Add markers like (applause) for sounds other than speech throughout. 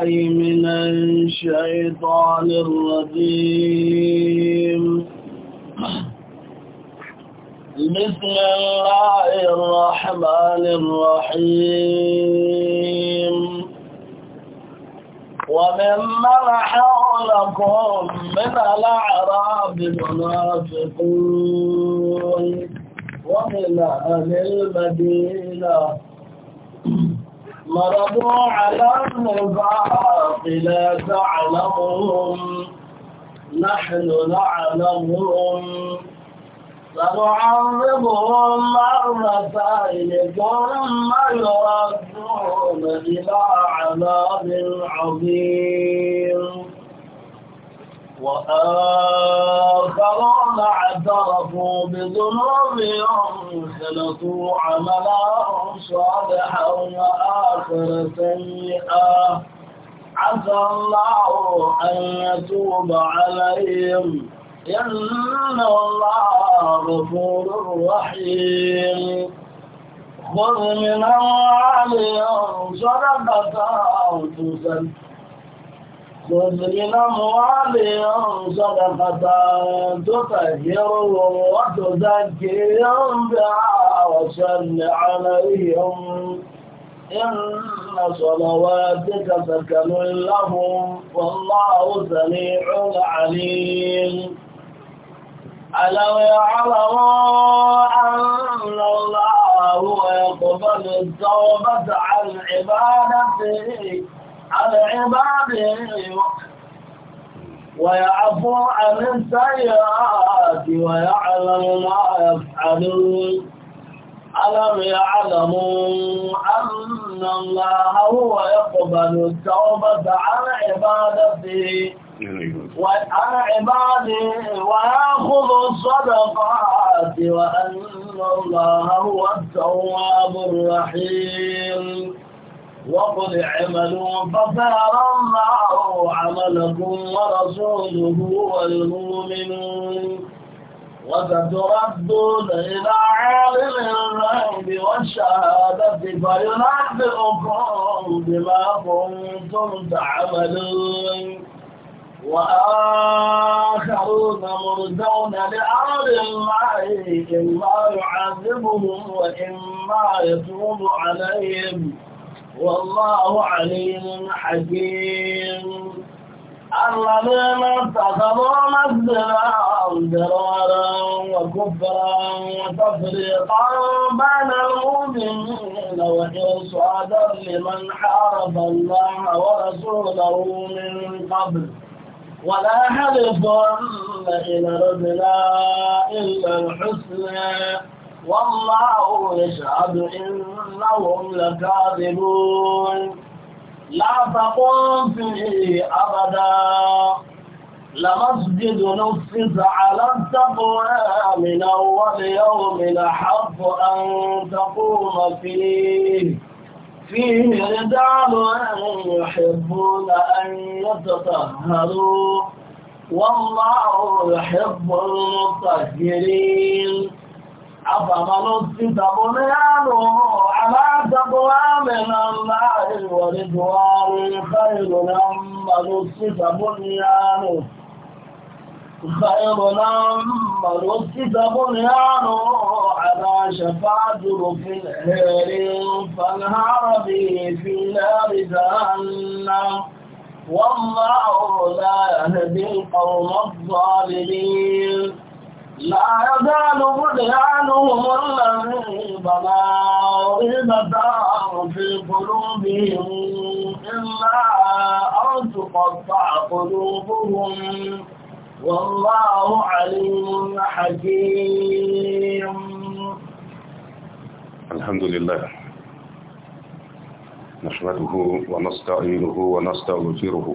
بالله من الشيطان الرجيم بسم الله الرحمن الرحيم وممن حولكم من الأعراب منافقون ومن أهل المدينة مرضوا على النفاق لا تعلمهم نحن نعلمهم سنعذبهم مرتين ثم يردون إلى عذاب عظيم وآخرون اعترفوا بذنوبهم خلطوا عملهم صالحا وآخر سيئا عسى الله أن يتوب عليهم إن الله غفور رحيم خذ من أموالهم صدقة تسلم خذ من أموالهم صدقة تطهر وتزكيهم بها وصل عليهم إن صلواتك سكن لهم والله سميع عليم ألو يعلم أن الله هو يقبل التوبة عن عبادته على عباده ويعفو عن السيئات ويعلم ما يفعلون ألم يعلموا أن الله هو يقبل التوبة عن عبادته وعن عباده ويأخذ الصدقات وأن الله هو التواب الرحيم وقل اعملوا فسيرى الله عملكم ورسوله والمؤمنون وستردون إلى عالم الغيب والشهادة فينبئكم بما كنتم تعملون وآخرون مرجون لأمر الله إما يعذبهم وإما يتوب عليهم والله عليم حكيم الذين اتخذوا مسجدا ضرارا وكفرا وتفريقا بين المؤمنين وإرصادا لمن حارب الله ورسوله من قبل ولا يحلفن إن ردنا إلا الحسنى والله يشهد إنهم لكاذبون لا تقوم فيه أبدا لمسجد نفس على التقوى من أول يوم لحق أن تقوم فيه فيه رجال يحبون أن يتطهروا والله يحب المطهرين أفمن تبنيانه على تقوى من الله ورضوان خير لما نسك بنيانه خير لما نسك بنيانه على شفاعة في الحير فانهار به في نار جهنم والله لا يهدي القوم الظالمين لا يزال بدعانهم الذي بلاوا إذا في قلوبهم إلا أن تقطع قلوبهم والله عليم حكيم الحمد لله نشهده ونستعينه ونستغفره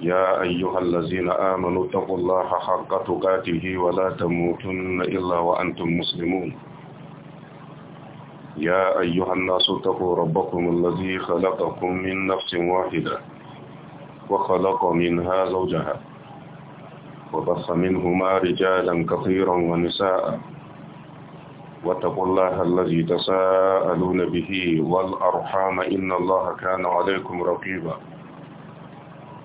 يا أيها الذين آمنوا اتقوا الله حق تقاته ولا تموتن إلا وأنتم مسلمون يا أيها الناس اتقوا ربكم الذي خلقكم من نفس واحدة وخلق منها زوجها وبص منهما رجالا كثيرا ونساء واتقوا الله الذي تساءلون به والأرحام إن الله كان عليكم رقيبا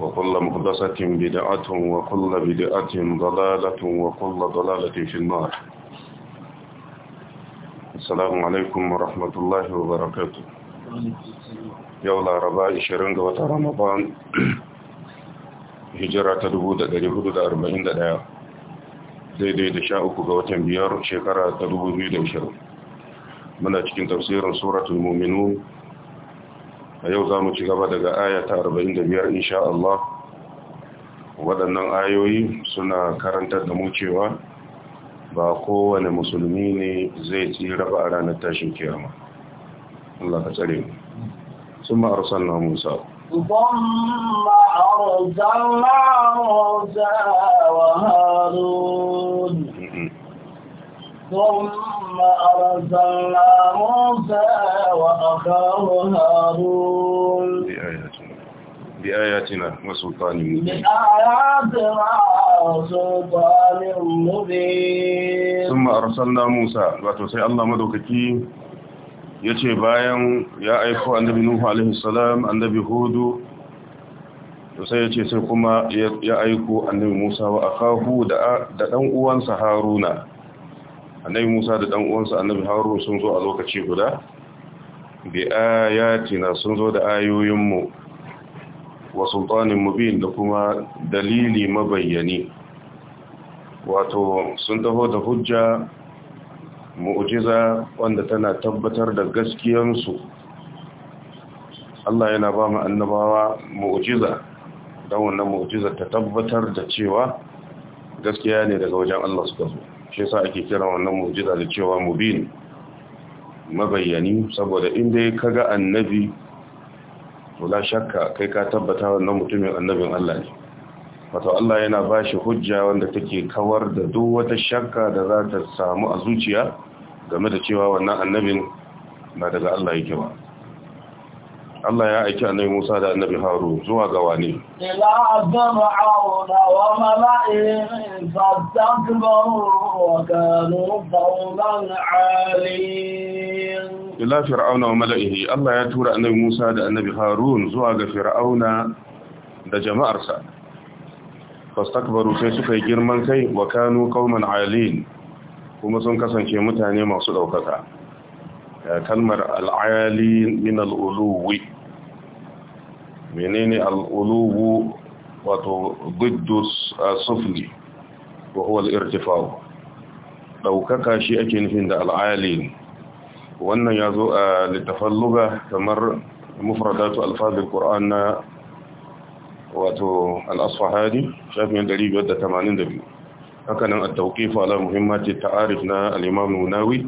وكل مقدسة بدعة وكل بدعة ضلالة وكل ضلالة في النار السلام عليكم ورحمة الله وبركاته يولا رباء شرنگ وطا رمضان هجرة تدبو دا دريهود دا أربعين دا دايا دي دي دا شاوكو غوتن بيار شكرة تدبو بي دا شرم منا تشكين تفسير سورة المؤمنون a yau za mu ci gaba daga ayata 45 insha Allah waɗannan ayoyi suna karantar da mu cewa ba kowane musulmi ne zai tsira ba a ranar tashin kiyama Allah ka tsare mu sun ma'ar sannan Musa ثم ثم أرسلنا موسى وأخاه هارون بآياتنا وسلطان مبين بآياتنا وسلطان مبين ثم أرسلنا موسى وتسعي الله مدوككي yace bayan ya aiko annabi nuhu alaihi salam annabi hudu to sai yace sai kuma ya aiko annabi musa wa akahu da da dan uwansa haruna annabi Musa da dan uwansa annabi Harun sun zo a lokaci guda bi ayatina sun zo da ayoyinmu wa sultanin mubin da kuma dalili mabayyani wato sun taho da hujja mu'jiza wanda tana tabbatar da gaskiyansu Allah yana ba mu annabawa mu'jiza don wannan mu'ujiza ta tabbatar da cewa gaskiya ne daga wajen Allah suka zo shi yasa ake kira wannan mu'jiza da cewa mubin mabayyani saboda inda ya kaga annabi to la shakka kai ka tabbata wannan mutumin annabin Allah ne wato Allah yana ba shi hujja wanda take kawar da duk wata shakka da za ta samu a zuciya game da cewa wannan annabin ba daga Allah yake ba Allah ya aiki annabi Musa da annabi Harun zuwa ga wani ila auna wa mala'in fastakbaru wa kanu fawlan 'aliin ila fir'auna wa mala'ihi Allah ya tura annabi Musa da annabi Harun zuwa ga fir'auna da jama'arsa fastakbaru sai suka yi girman kai wa kanu qauman 'alin kuma sun kasance mutane masu daukaka kalmar al'ali min al'uluwi menene al'ulubu wato guddus sufli wa huwa al-irtifa'u daukaka shi ake nufin da al'ali wannan ya zo a littafan luga kamar mufradatu alfazil qur'an na wato al-asfahani shafin 582 haka nan at-tawqif ala muhimmati ta'arif na al-imam an-nawawi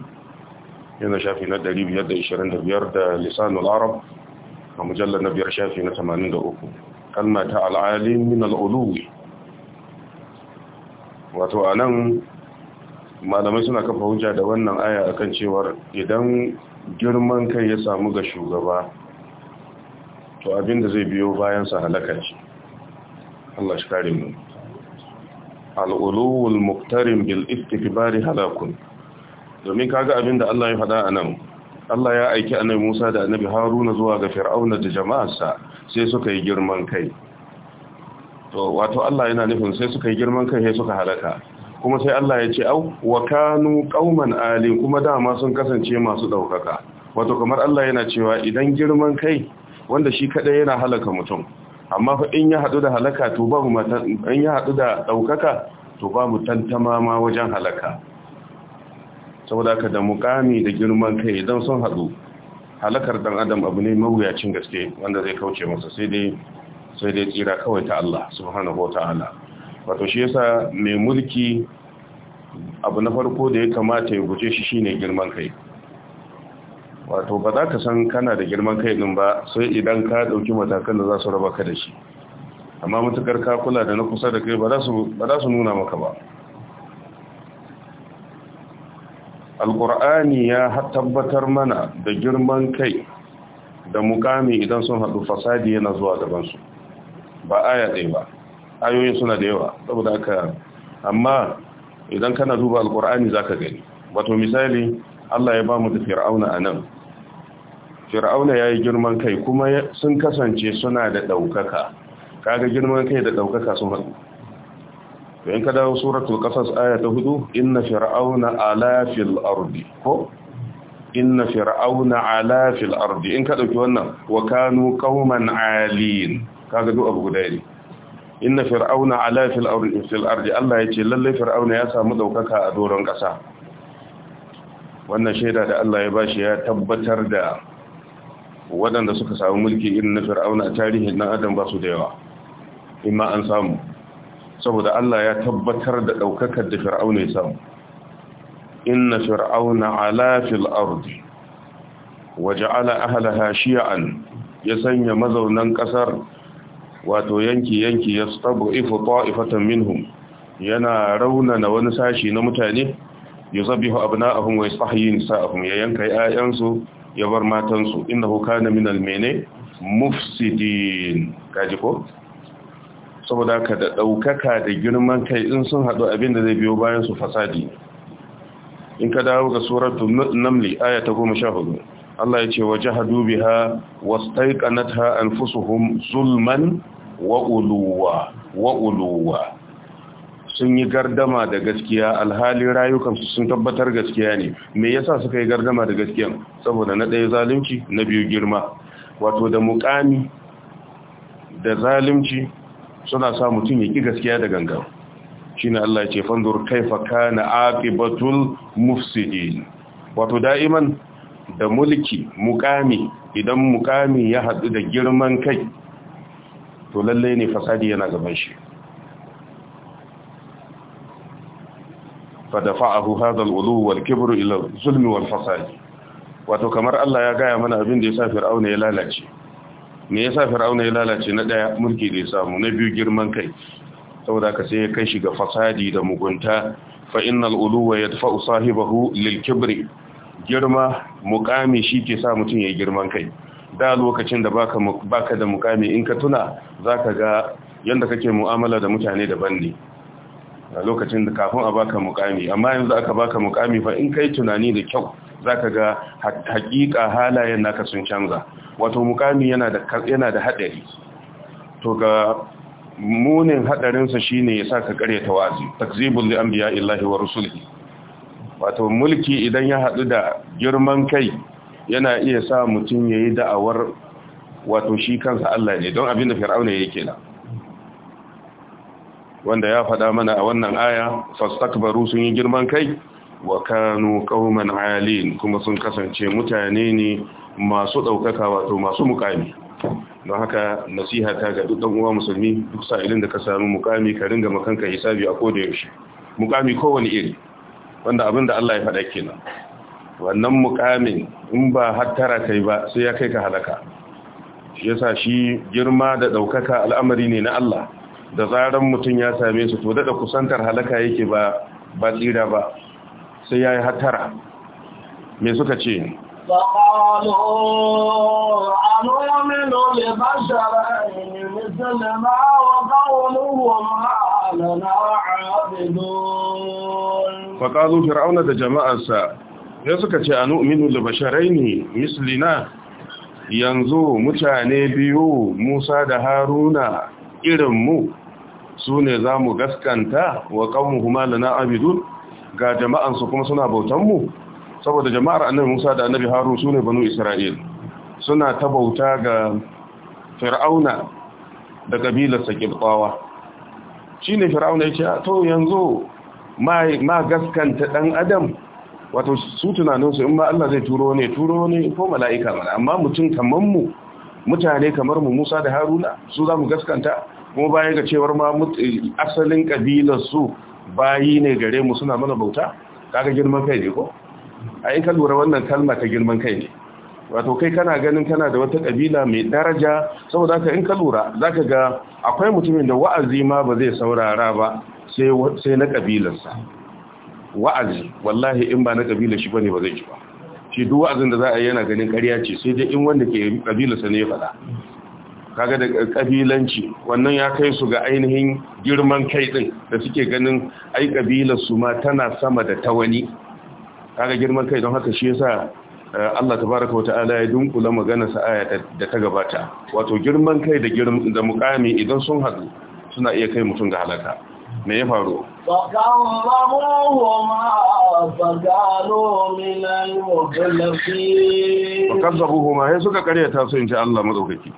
yana shafi na 525 da lisan al-arab a mujallar na biyar shafi na 83 kalma ta al'alim min al'uluwi wato a nan malamai suna kafa hujja da wannan aya akan cewar idan girman kai ya samu ga shugaba to abinda zai biyo bayansa halaka ce Allah shi kare mu al'uluwul muktarin bil istikbari halakun domin kaga abin Allah ya faɗa a nan Allah ya aiki annabi Musa da annabi Haruna zuwa ga Fir'auna da jama'arsa sai suka yi girman kai to wato Allah yana nufin sai suka yi girman kai sai suka halaka kuma sai Allah ya ce au wa kanu qauman ali kuma dama sun kasance masu daukaka wato kamar Allah yana cewa idan girman kai wanda shi kada yana halaka mutum amma fa in ya hadu da halaka to babu in ya hadu da daukaka to babu tantama ma wajen halaka saboda ka da mukami da girman kai idan sun haɗu halakar dan adam abu ne mawuyacin gaske wanda zai kauce masa sai dai sai dai tsira kawai ta Allah subhanahu wa ta'ala wato shi yasa mai mulki abu na farko da ya kamata ya guje shi shine girman kai wato ba za ka san kana da girman kai din ba sai idan ka dauki matakan da za su raba ka da shi amma mutukar ka kula da na kusa da kai ba za su nuna maka ba Alƙur'ani ya tabbatar mana da girman kai da mukami idan sun haɗu fasadi yana zuwa gabansu ba aya ɗaya ba ayoyin suna da yawa saboda aka amma idan kana duba Alƙur'ani za ka gani wato misali Allah ya ba mu da fir'auna a nan fir'auna ya yi girman kai kuma sun kasance suna da ɗaukaka kaga girman kai da ɗaukaka sun haɗu to in ka dawo suratul qasas aya ta hudu inna fir'auna ala fil ardi ko inna fir'auna ala fil ardi in ka dauki wannan wa kanu qauman alin kaga duk abu guda ne inna fir'auna ala fil ardi fil ardi Allah yace lalle fir'auna ya samu daukaka a doron kasa wannan shaida da Allah ya bashi ya tabbatar da waɗanda suka samu mulki irin na fir'auna a tarihin nan adam ba su da yawa imma an samu saboda Allah ya tabbatar da ɗaukakar da fir'auna ya samu inna fir'auna ala fil ardi wa ja'ala ahlaha shi'an ya sanya mazaunan ƙasar wato yanki yanki ya stabu ifu ta'ifatan minhum yana raunana wani sashi na mutane ya zabihu abna'ahum wa yastahyi nisa'ahum ya yanka 'ya'yansu ya bar matansu innahu kana minal mene mufsidin kaji ko saboda ka da ɗaukaka da girman kai in sun haɗu abin da zai biyo bayan su fasadi in ka dawo ga suratu namli aya ta goma sha hudu Allah ya ce wa jahadu biha wastaiqanatha anfusuhum zulman wa uluwa wa uluwa sun yi gardama da gaskiya alhali rayukansu sun tabbatar gaskiya ne me yasa suka yi gardama da gaskiyan saboda na ɗaya zalunci na biyu girma wato da muƙami da zalunci suna sa mutum ya ki gaskiya da gangan shine Allah ya ce fanzur kaifa kana aqibatul mufsidin wato da'iman da mulki mukami idan mukami ya haɗu da girman kai to lallai ne fasadi yana gaban shi fadafa'ahu hadha al-ulu wal-kibru ila zulmi wal-fasadi wato kamar Allah ya gaya mana abin da ya sa Fir'auna ya lalace me yasa fir'auna ya lalace na daya mulki da ya samu na biyu girman kai saboda ka sai ya kai shi ga fasadi da mugunta fa innal uluwa yadfa'u sahibahu lil kibri girma mukami shi ke sa mutum ya girman kai da lokacin da baka baka da mukami in ka tuna zaka ga yanda kake mu'amala da mutane daban ne a lokacin da kafin a baka mukami amma yanzu aka baka mukami fa in kai tunani da kyau zaka ga hakika halayen naka sun canza wato mukami yana da yana da hadari to ga munin hadarinsa shine ya saka ta wazi takzibul anbiya illahi wa rusulihi wato mulki idan ya hadu da girman kai yana iya sa mutum yayi da'awar wato shi kansa Allah ne don abinda fir'auna yake na wanda ya faɗa mana a wannan aya fastakbaru sun yi girman kai wa kanu qauman alin kuma sun kasance mutane ne masu ɗaukaka wato masu mukami don haka nasiha ta ga duk ɗanuwa musulmi duk sa'ilin da ka sami mukami ka ringa makanka hisabi a koda yaushe mukami kowane iri wanda abin da Allah ya faɗa kenan wannan mukamin in ba hattara kai ba sai ya kai ka halaka shi sa shi girma da ɗaukaka al'amari ne na Allah da zarar mutum ya same su to daɗa kusantar halaka yake ba ba tsira ba sai ya yi hattara me suka ce فقالوا أنؤمن لبشرين da ما وقولهم لنا عابدون فقالوا da jama'ansa, ya suka ce mislina yanzu mutane biyu Musa da Haruna irin mu sune mu gaskanta wa qaumuhuma na abidun ga jama'ansu kuma suna bautanmu. saboda jama'ar annabi Musa da annabi Haru su ne banu Isra'il suna ta bauta ga Fir'auna da kabilarsa Shi ne Fir'auna ya ce to yanzu ma ma gaskanta dan adam wato su tunaninsu in ma Allah zai turo ne turo ne ko mala'ika mana amma mutum kamar mu mutane kamar mu Musa da Haruna su za mu gaskanta kuma baya ga cewar ma asalin kabilar su bayi ne gare mu suna mana bauta kaga girman kai ne ko a in ka lura wannan kalma ta girman kai ne wato kai kana ganin kana da wata kabila mai daraja saboda ka in ka lura ka ga akwai mutumin da wa'azi ma ba zai saurara ba sai na kabilarsa wa'azi wallahi in ba na kabilar shi bane ba zai ji ba shi duk wa'azin da za a yi yana ganin ƙarya ce sai dai in wanda ke kabilarsa ne ya faɗa kaga da kabilanci wannan ya kai su ga ainihin girman kai ɗin da suke ganin ai kabilar ma tana sama da ta wani kaga girman kai don haka shi yasa eh, Allah tabaraka wata'ala ya dunkula maganar sa aya da ta gabata wato girman kai da girman da mukami idan sun haɗu suna iya kai mutum ga halaka me ya faru fakazzabuhuma ya suka karyata ta in inji Allah madaukaki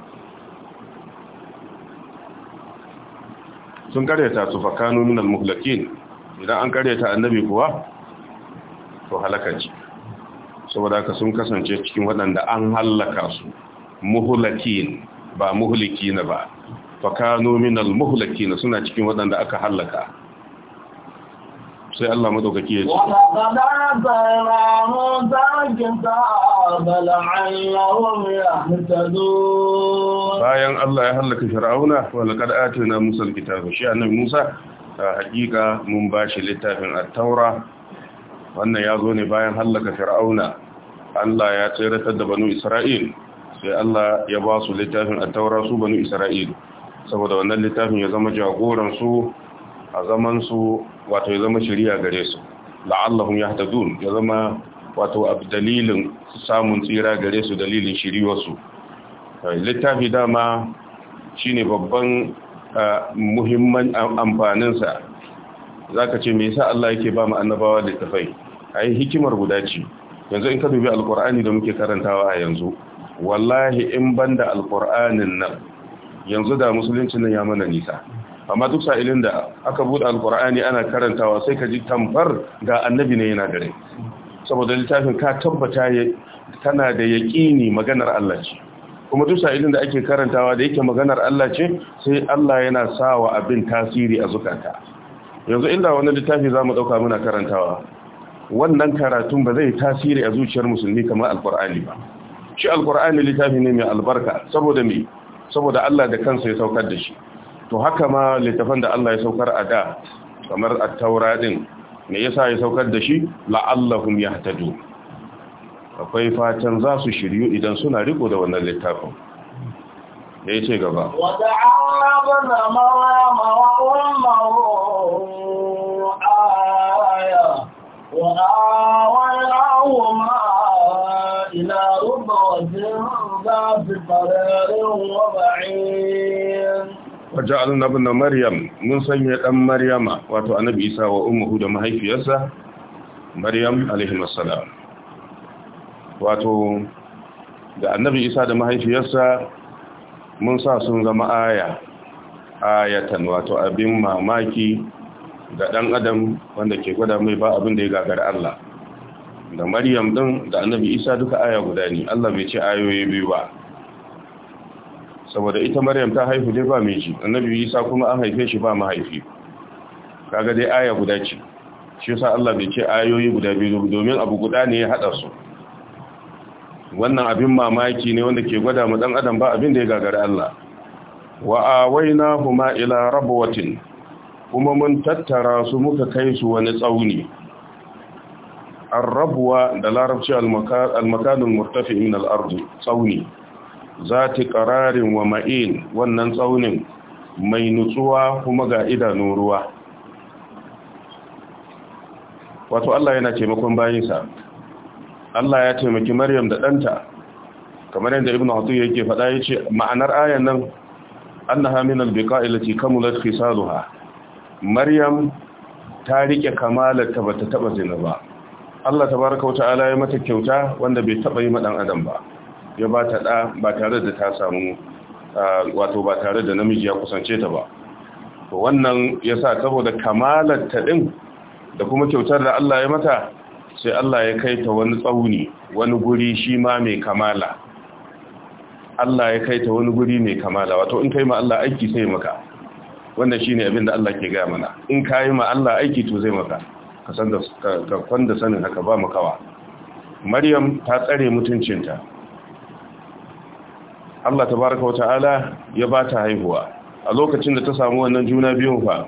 sun karyata su fakanu minal muhlakin idan an karyata annabi kuwa to halaka ce saboda haka sun kasance cikin waɗanda an halaka su muhulakin ba muhulikina ba fakano minal muhulakina suna cikin waɗanda aka halaka sai Allah madaukaki ya ce bayan Allah ya halaka Shara'una, wani laqad atina musa alkitaba shi annabi musa haƙiƙa mun bashi littafin a taura wannan ya zo ne bayan hallaka fir'auna Allah ya tsiratar da banu Isra'il sai Allah ya ba su littafin a taura su banu Isra'il saboda wannan littafin ya zama jagoransu a zaman su wato ya zama shari'a gare su la'allahum yahtadun ya zama wato ab dalilin samun tsira gare su dalilin shiriyar su littafi dama shine babban muhimman amfaninsa za ka ce me yasa Allah yake ba mu annabawa littafai ai hikimar guda ce yanzu in ka dubi alkur'ani da muke karantawa a yanzu wallahi in banda alkur'anin nan yanzu da musulunci nan ya mana nisa amma duk sa'ilin da aka buɗe alkur'ani ana karantawa sai ka ji tambar ga annabi ne yana gare saboda littafin ka tabbata tana da yaƙini maganar Allah ce kuma duk sa'ilin da ake karantawa da yake maganar Allah ce sai Allah yana sawa abin tasiri a zukata yanzu inda wani littafi za zamu ɗauka muna karantawa wannan karatun ba zai tasiri a zuciyar musulmi kamar alkur'ani ba shi alkur'ani littafi ne mai albarka saboda saboda Allah da kansa ya saukar da shi to haka ma littafan da Allah ya saukar a da kamar at-taura din me yasa ya saukar da shi la'allahum yahtadu akwai fatan za su shiryu idan suna riko da wannan littafin Ya yi ce gaba wata Wajen abin da Maryam mun sanya ɗan Maryama wato annabi isa wa umuhu da mahaifiyarsa, Maryam Alihimassalam. Wato, da annabi isa da mahaifiyarsa mun sa sun zama aya, ayatan wato abin mamaki Da ɗan adam wanda ke gwada mai ba abin da ya gagara Allah da maryam ɗin da annabi isa duka aya guda ne Allah bai ce ayoyi biyu ba saboda ita maryam ta haifu dai ba mai ji, annabi isa kuma an haife shi ba mahaifi kaga dai aya guda ce shi yasa Allah bai ce ayoyi guda biyu domin abu guda ne ya hada su wannan abin mamaki ne wanda ke gwada mu dan adam ba abin da ya gagara Allah wa huma ila rabwatin kuma mun tattara su muka kai su wani tsauni arrabuwa da larabci almakanin murtafi min al'ardu tsauni za ta ƙararin wa ma'in wannan tsaunin mai nutsuwa kuma ga idanun ruwa wato Allah yana taimakon bayinsa Allah ya taimaki Maryam da ɗanta kamar yadda Ibn Hattu yake faɗa yace ma'anar ayan nan annaha min albiqa'i allati kamulat khisaluha maryam ta rike kamalarta bata taba zina ba Allah tabaraka wa ta'ala ya mata kyauta wanda bai taba yi madan adam ba ya ba ta da ba tare da ta samu wato ba tare da namiji ya kusance ta ba to wannan yasa saboda kamalarta din da kuma kyautar da Allah ya mata sai Allah ya kai ta wani tsauni wani guri shi ma mai kamala Allah ya kai ta wani guri mai kamala wato in kai ma Allah aiki sai maka wannan shine abin da Allah ke ga mana in yi ma Allah aiki to zai maka ka san da kwanda sanin haka ba makawa Maryam ta tsare mutuncinta Allah baraka wa ta'ala ya ba ta haihuwa a lokacin da ta samu wannan juna biyun fa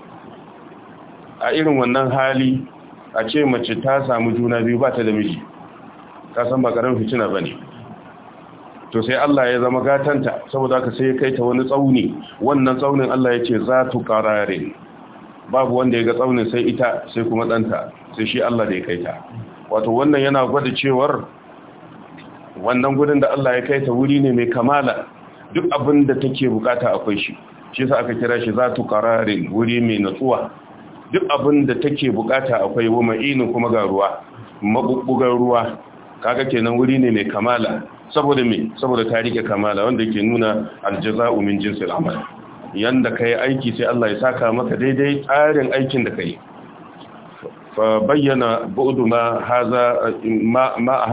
a irin wannan hali a ce mace ta samu juna biyu ba ta da miji ka san ba karamin fitina bane to sai Allah ya zama gatanta saboda haka sai ya kai ta wani tsauni wannan tsaunin Allah ya ce za tu karare babu wanda ya ga tsaunin sai ita sai kuma danta sai shi Allah da ya kai ta wato wannan yana gwada cewar wannan gudun da Allah ya kai ta wuri ne mai kamala duk abin da take bukata akwai shi shi sa aka kira shi za tu karare wuri mai natsuwa duk abin da take bukata akwai wa ma'inin kuma ga ruwa mabubbugan ruwa kaga kenan wuri ne mai kamala saboda me saboda ta rike kamala wanda ke nuna aljaza'u min jinsil amal yanda kai aiki sai Allah ya saka maka daidai tsarin aikin da kai fa bayyana bu'du ma haza ma ma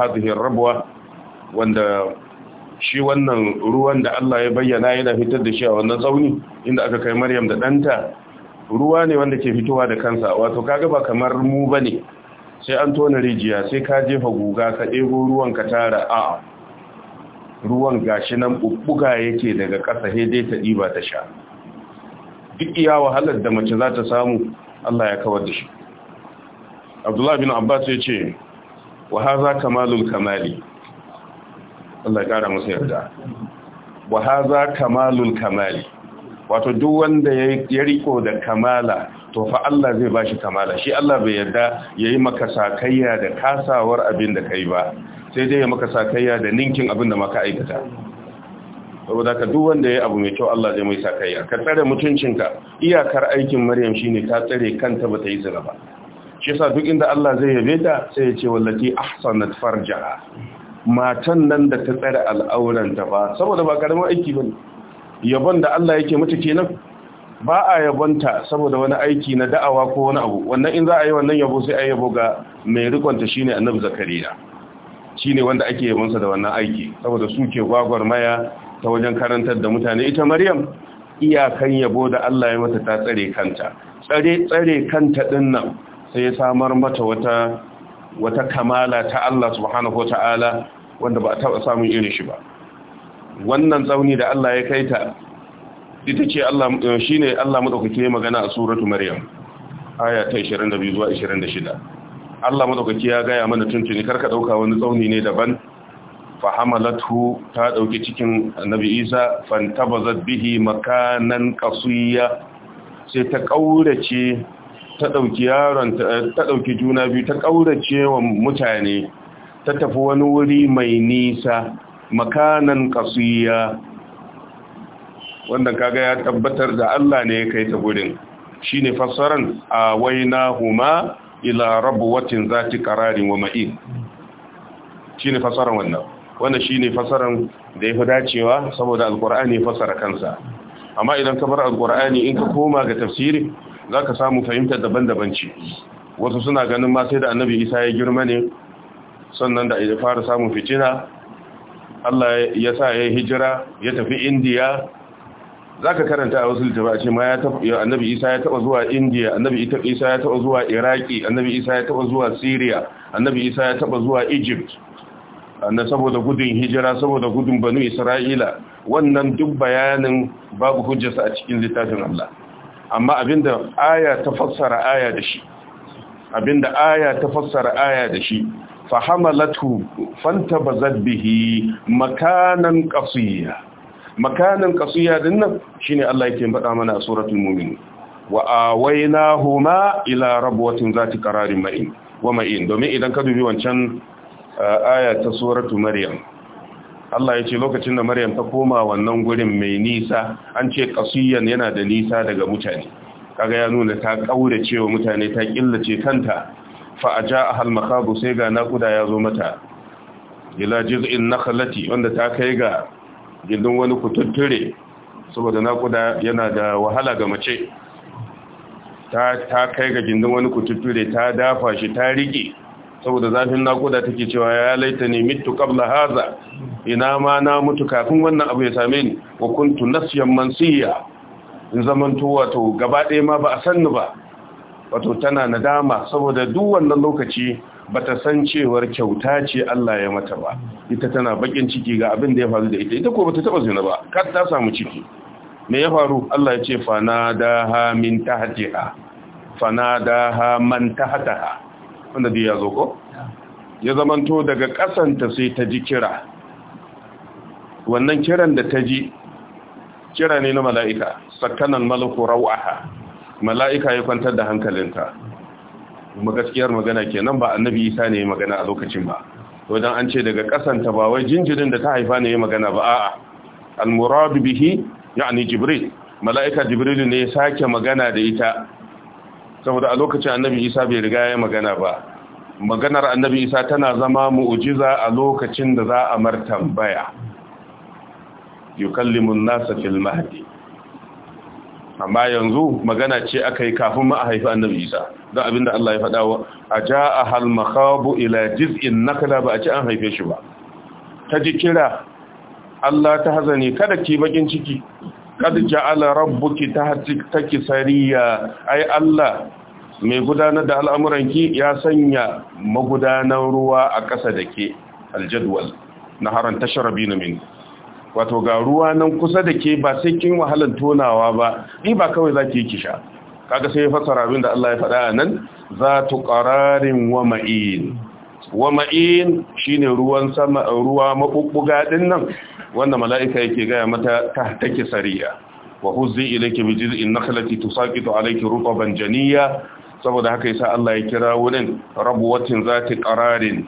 wanda shi wannan ruwan da Allah ya bayyana yana fitar da shi a wannan tsauni inda aka kai Maryam da danta ruwa ne wanda ke fitowa da kansa wato kaga ba kamar mu bane sai an tona rijiya sai ka jefa guga ka ɗebo ruwan ka tara a'a ruwan gashi nan bubbuga yake daga ƙasa sai dai ta ɗiba ta sha duk iya wahalar da mace za ta samu Allah ya kawar da shi Abdullah bin Abbas ya ce wa haza kamalul kamali Allah ya kara masa yarda wa haza kamalul kamali wato duk wanda ya riko da kamala to fa Allah zai bashi kamala shi Allah bai yarda yayi maka sakayya da kasawar abin da kai ba sai dai ya maka sakayya da ninkin abin da maka aikata saboda ka duk wanda ya abu mai kyau Allah zai mai sakayya ka tsare mutuncinka iyakar aikin Maryam shine ta tsare kanta bata yi zina ba shi yasa duk inda Allah zai yabe ta sai ya ce wallahi ahsanat farjaha matan nan da ta tsare al'auranta ba saboda ba karamin aiki bane yabon da Allah yake mata kenan ba a yabonta saboda wani aiki na da'awa ko wani abu wannan in za a yi wannan yabo sai a yabo ga mai rikonta shine annabi zakariya Shi ne wanda ake yabonsa da wannan aiki saboda su ke gwagwarmaya ta wajen karantar da mutane ita maryam iyakan yabo da Allah ya mata ta tsare kanta tsare tsare kanta din nan sai ya samar mata wata wata kamala ta Allah subhanahu wataala wanda ba a taba samun irin shi ba wannan tsauni da Allah ya kai ta ita ce Allah shine Allah madaukake magana a suratu maryam aya ta 22 zuwa 26 Allah madaukaki ya gaya mana tuntuni karka dauka wani tsauni ne daban fa hamalathu ta dauki cikin annabi Isa fantabazat bihi makanan qasiyya sai ta kaurace ta dauki yaron ta dauki juna biyu ta kaurace wa mutane ta tafi wani wuri mai nisa makanan qasiyya wanda kaga ya tabbatar da Allah ne ya kai ta gurin shine fassaran huma. ila rabuwatin zati kararin wa ma'in ne fasarar wannan wannan ne fasarar da ya fi dacewa saboda ya fasara kansa amma idan ka bar alkur'ani in ka koma ga tafsiri ka samu fahimtar daban-daban ce wasu suna ganin ma sai da annabi Isa ya girma ne sannan da ya fara samun fitina Allah ya sa ya hijira ya tafi Indiya za ka karanta a wasu littafi a ce ma ya annabi isa ya taba zuwa indiya annabi isa ya taba zuwa iraki annabi isa ya taba zuwa syria annabi isa ya taba zuwa egypt na saboda gudun hijira saboda gudun banu isra'ila wannan duk bayanin babu hujjarsa a cikin littafin allah amma abinda aya ta fassara aya da shi abinda aya ta fassara aya da shi fahamalatu fantabazat bihi makanan qasiya Makanin kasuya din nan shine Allah yake faɗa mana a suratul mu'min wa awaynahuma ila rabwatin zati qararin ma'in wa ma'in domin idan ka dubi wancan uh, aya ta suratul maryam Allah ya lokacin da Maryam ta koma wannan gurin mai nisa an ce kasiyan yana da nisa daga mutane kaga ya nuna ta kaure cewa mutane ta killace kanta fa a al-makhabu sai ga nakuda ya zo mata ila jiz'in nakhlati wanda ta kai ga gindin wani kututture saboda kuda yana da wahala ga mace ta kai ga gindin wani kututture ta dafa shi ta riƙe saboda zafin naƙuda take cewa ya laita ne mitu qabla hadha ina ma na mutu kafin wannan abu ya same ni wa kuntu nasyan mansiya in zamanto wato gaba ɗaya ma ba a sanni ba wato tana nadama saboda duk wannan lokaci bata san cewar kyauta ce Allah ya mata ba ita tana bakin ciki ga abin da ya faru da ita ita ko bata taba zina ba kar ta samu ciki me ya faru Allah ya ce da ha min tahtiha ha man tahtaha wanda dai ya zo ko ya zamanto daga kasanta sai ta ji kira wannan kiran da ta ji kira ne na mala'ika sakkanan malaku ha? mala'ika ya kwantar da hankalinta kuma gaskiyar magana kenan ba annabi isa ne ya magana a lokacin ba wajen an ce daga kasanta ba wai jinjirin da ta haifa ne ya magana ba a'a al-muradu bihi yani jibril mala'ika jibril ne sake magana da ita saboda a lokacin annabi isa bai riga ya magana ba maganar annabi isa tana zama mu'ujiza a lokacin da za a martambaya yukallimun nasa fil mahdi amma yanzu magana ce aka yi kafin ma a haifi annabi isa don abinda Allah ya faɗa a ja a halmakabu ila in nakala ba a ci an haife shi ba ta ji kira Allah ta hazani kada ki bakin ciki kada rabu ki, ta ki sariya ai Allah mai gudanar da al'amuranki ya sanya magudanar ruwa a ƙasa da ke aljadwal na haran tasharabi na min wato ga ruwa nan kusa da ke ba sai kin wahalan tonawa ba ni ba kawai zaki ki yi kisha kaga sai ya fassara abin da Allah ya faɗa a nan za tu qararin wa ma'in wa ma'in shine ruwan sama ruwa mabubbuga din nan wanda mala'ika yake ga mata ta take sariya wa huzzi ilayki bi jiz'in nakhlati tusaqitu alayki rutban janiya saboda haka yasa Allah ya kira wurin rabwatin zati qararin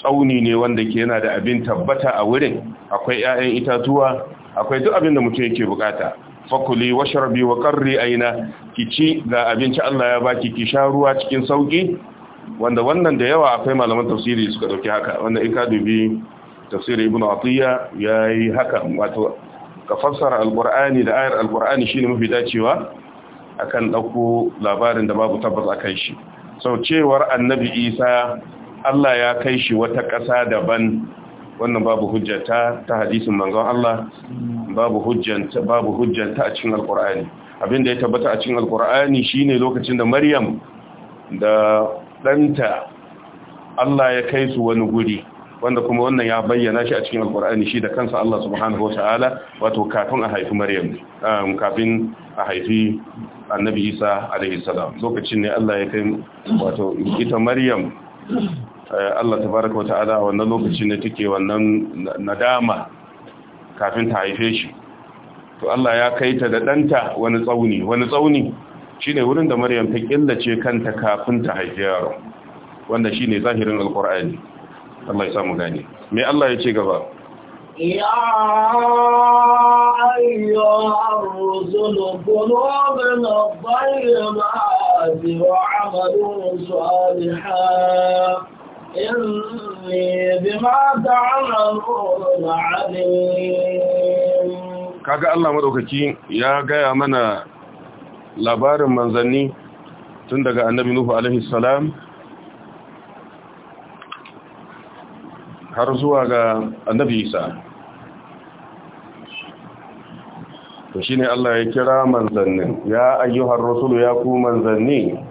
tsauni ne wanda ke yana da abin tabbata a wurin akwai 'ya'yan itatuwa akwai duk abin da mutum yake bukata fakuli sharbi wa qarri aina kici ga abinci Allah ya baki ki sha ruwa cikin sauki wanda wannan da yawa akwai malaman tafsiri suka dauki haka wanda in ka dubi tafsiri ibnu atiya yayi haka wato ka fassara alqur'ani da ayar alqur'ani shine mafi dacewa akan ɗauko labarin da babu tabbas kan shi sau cewar annabi Isa Allah ya kai shi wata ƙasa daban wannan babu hujjata ta hadisin manzon Allah babu hujjanta babu hujjanta a cikin alqur'ani abinda ya tabbata a cikin alqur'ani shine lokacin da Maryam da danta Allah ya kai su wani guri wanda kuma wannan ya bayyana shi a cikin alqur'ani shi da kansa Allah subhanahu wataala wato kafin a haifi Maryam um, kafin a haifi Annabi Isa alaihi salam lokacin ne Allah ya kai wato ita Maryam Allah ta baraka wa ta'ala wannan lokacin ne take wannan nadama kafin ta haife shi to Allah ya kai ta da danta wani tsauni wani tsauni shine wurin da Maryam ta killace kanta kafin ta haife yaro wanda shine zahirin alqur'ani Allah ya samu gane me Allah ya ce gaba ya ayyuhar rusulu qulubun dhayyibat wa 'amalun kaga Allah madaukaki ya gaya mana labarin manzanni tun daga annabi Nuhu alaihi salam har zuwa ga annabi Isa to shine Allah ya kira manzannin ya ayyuhar rasulu ya ku manzanni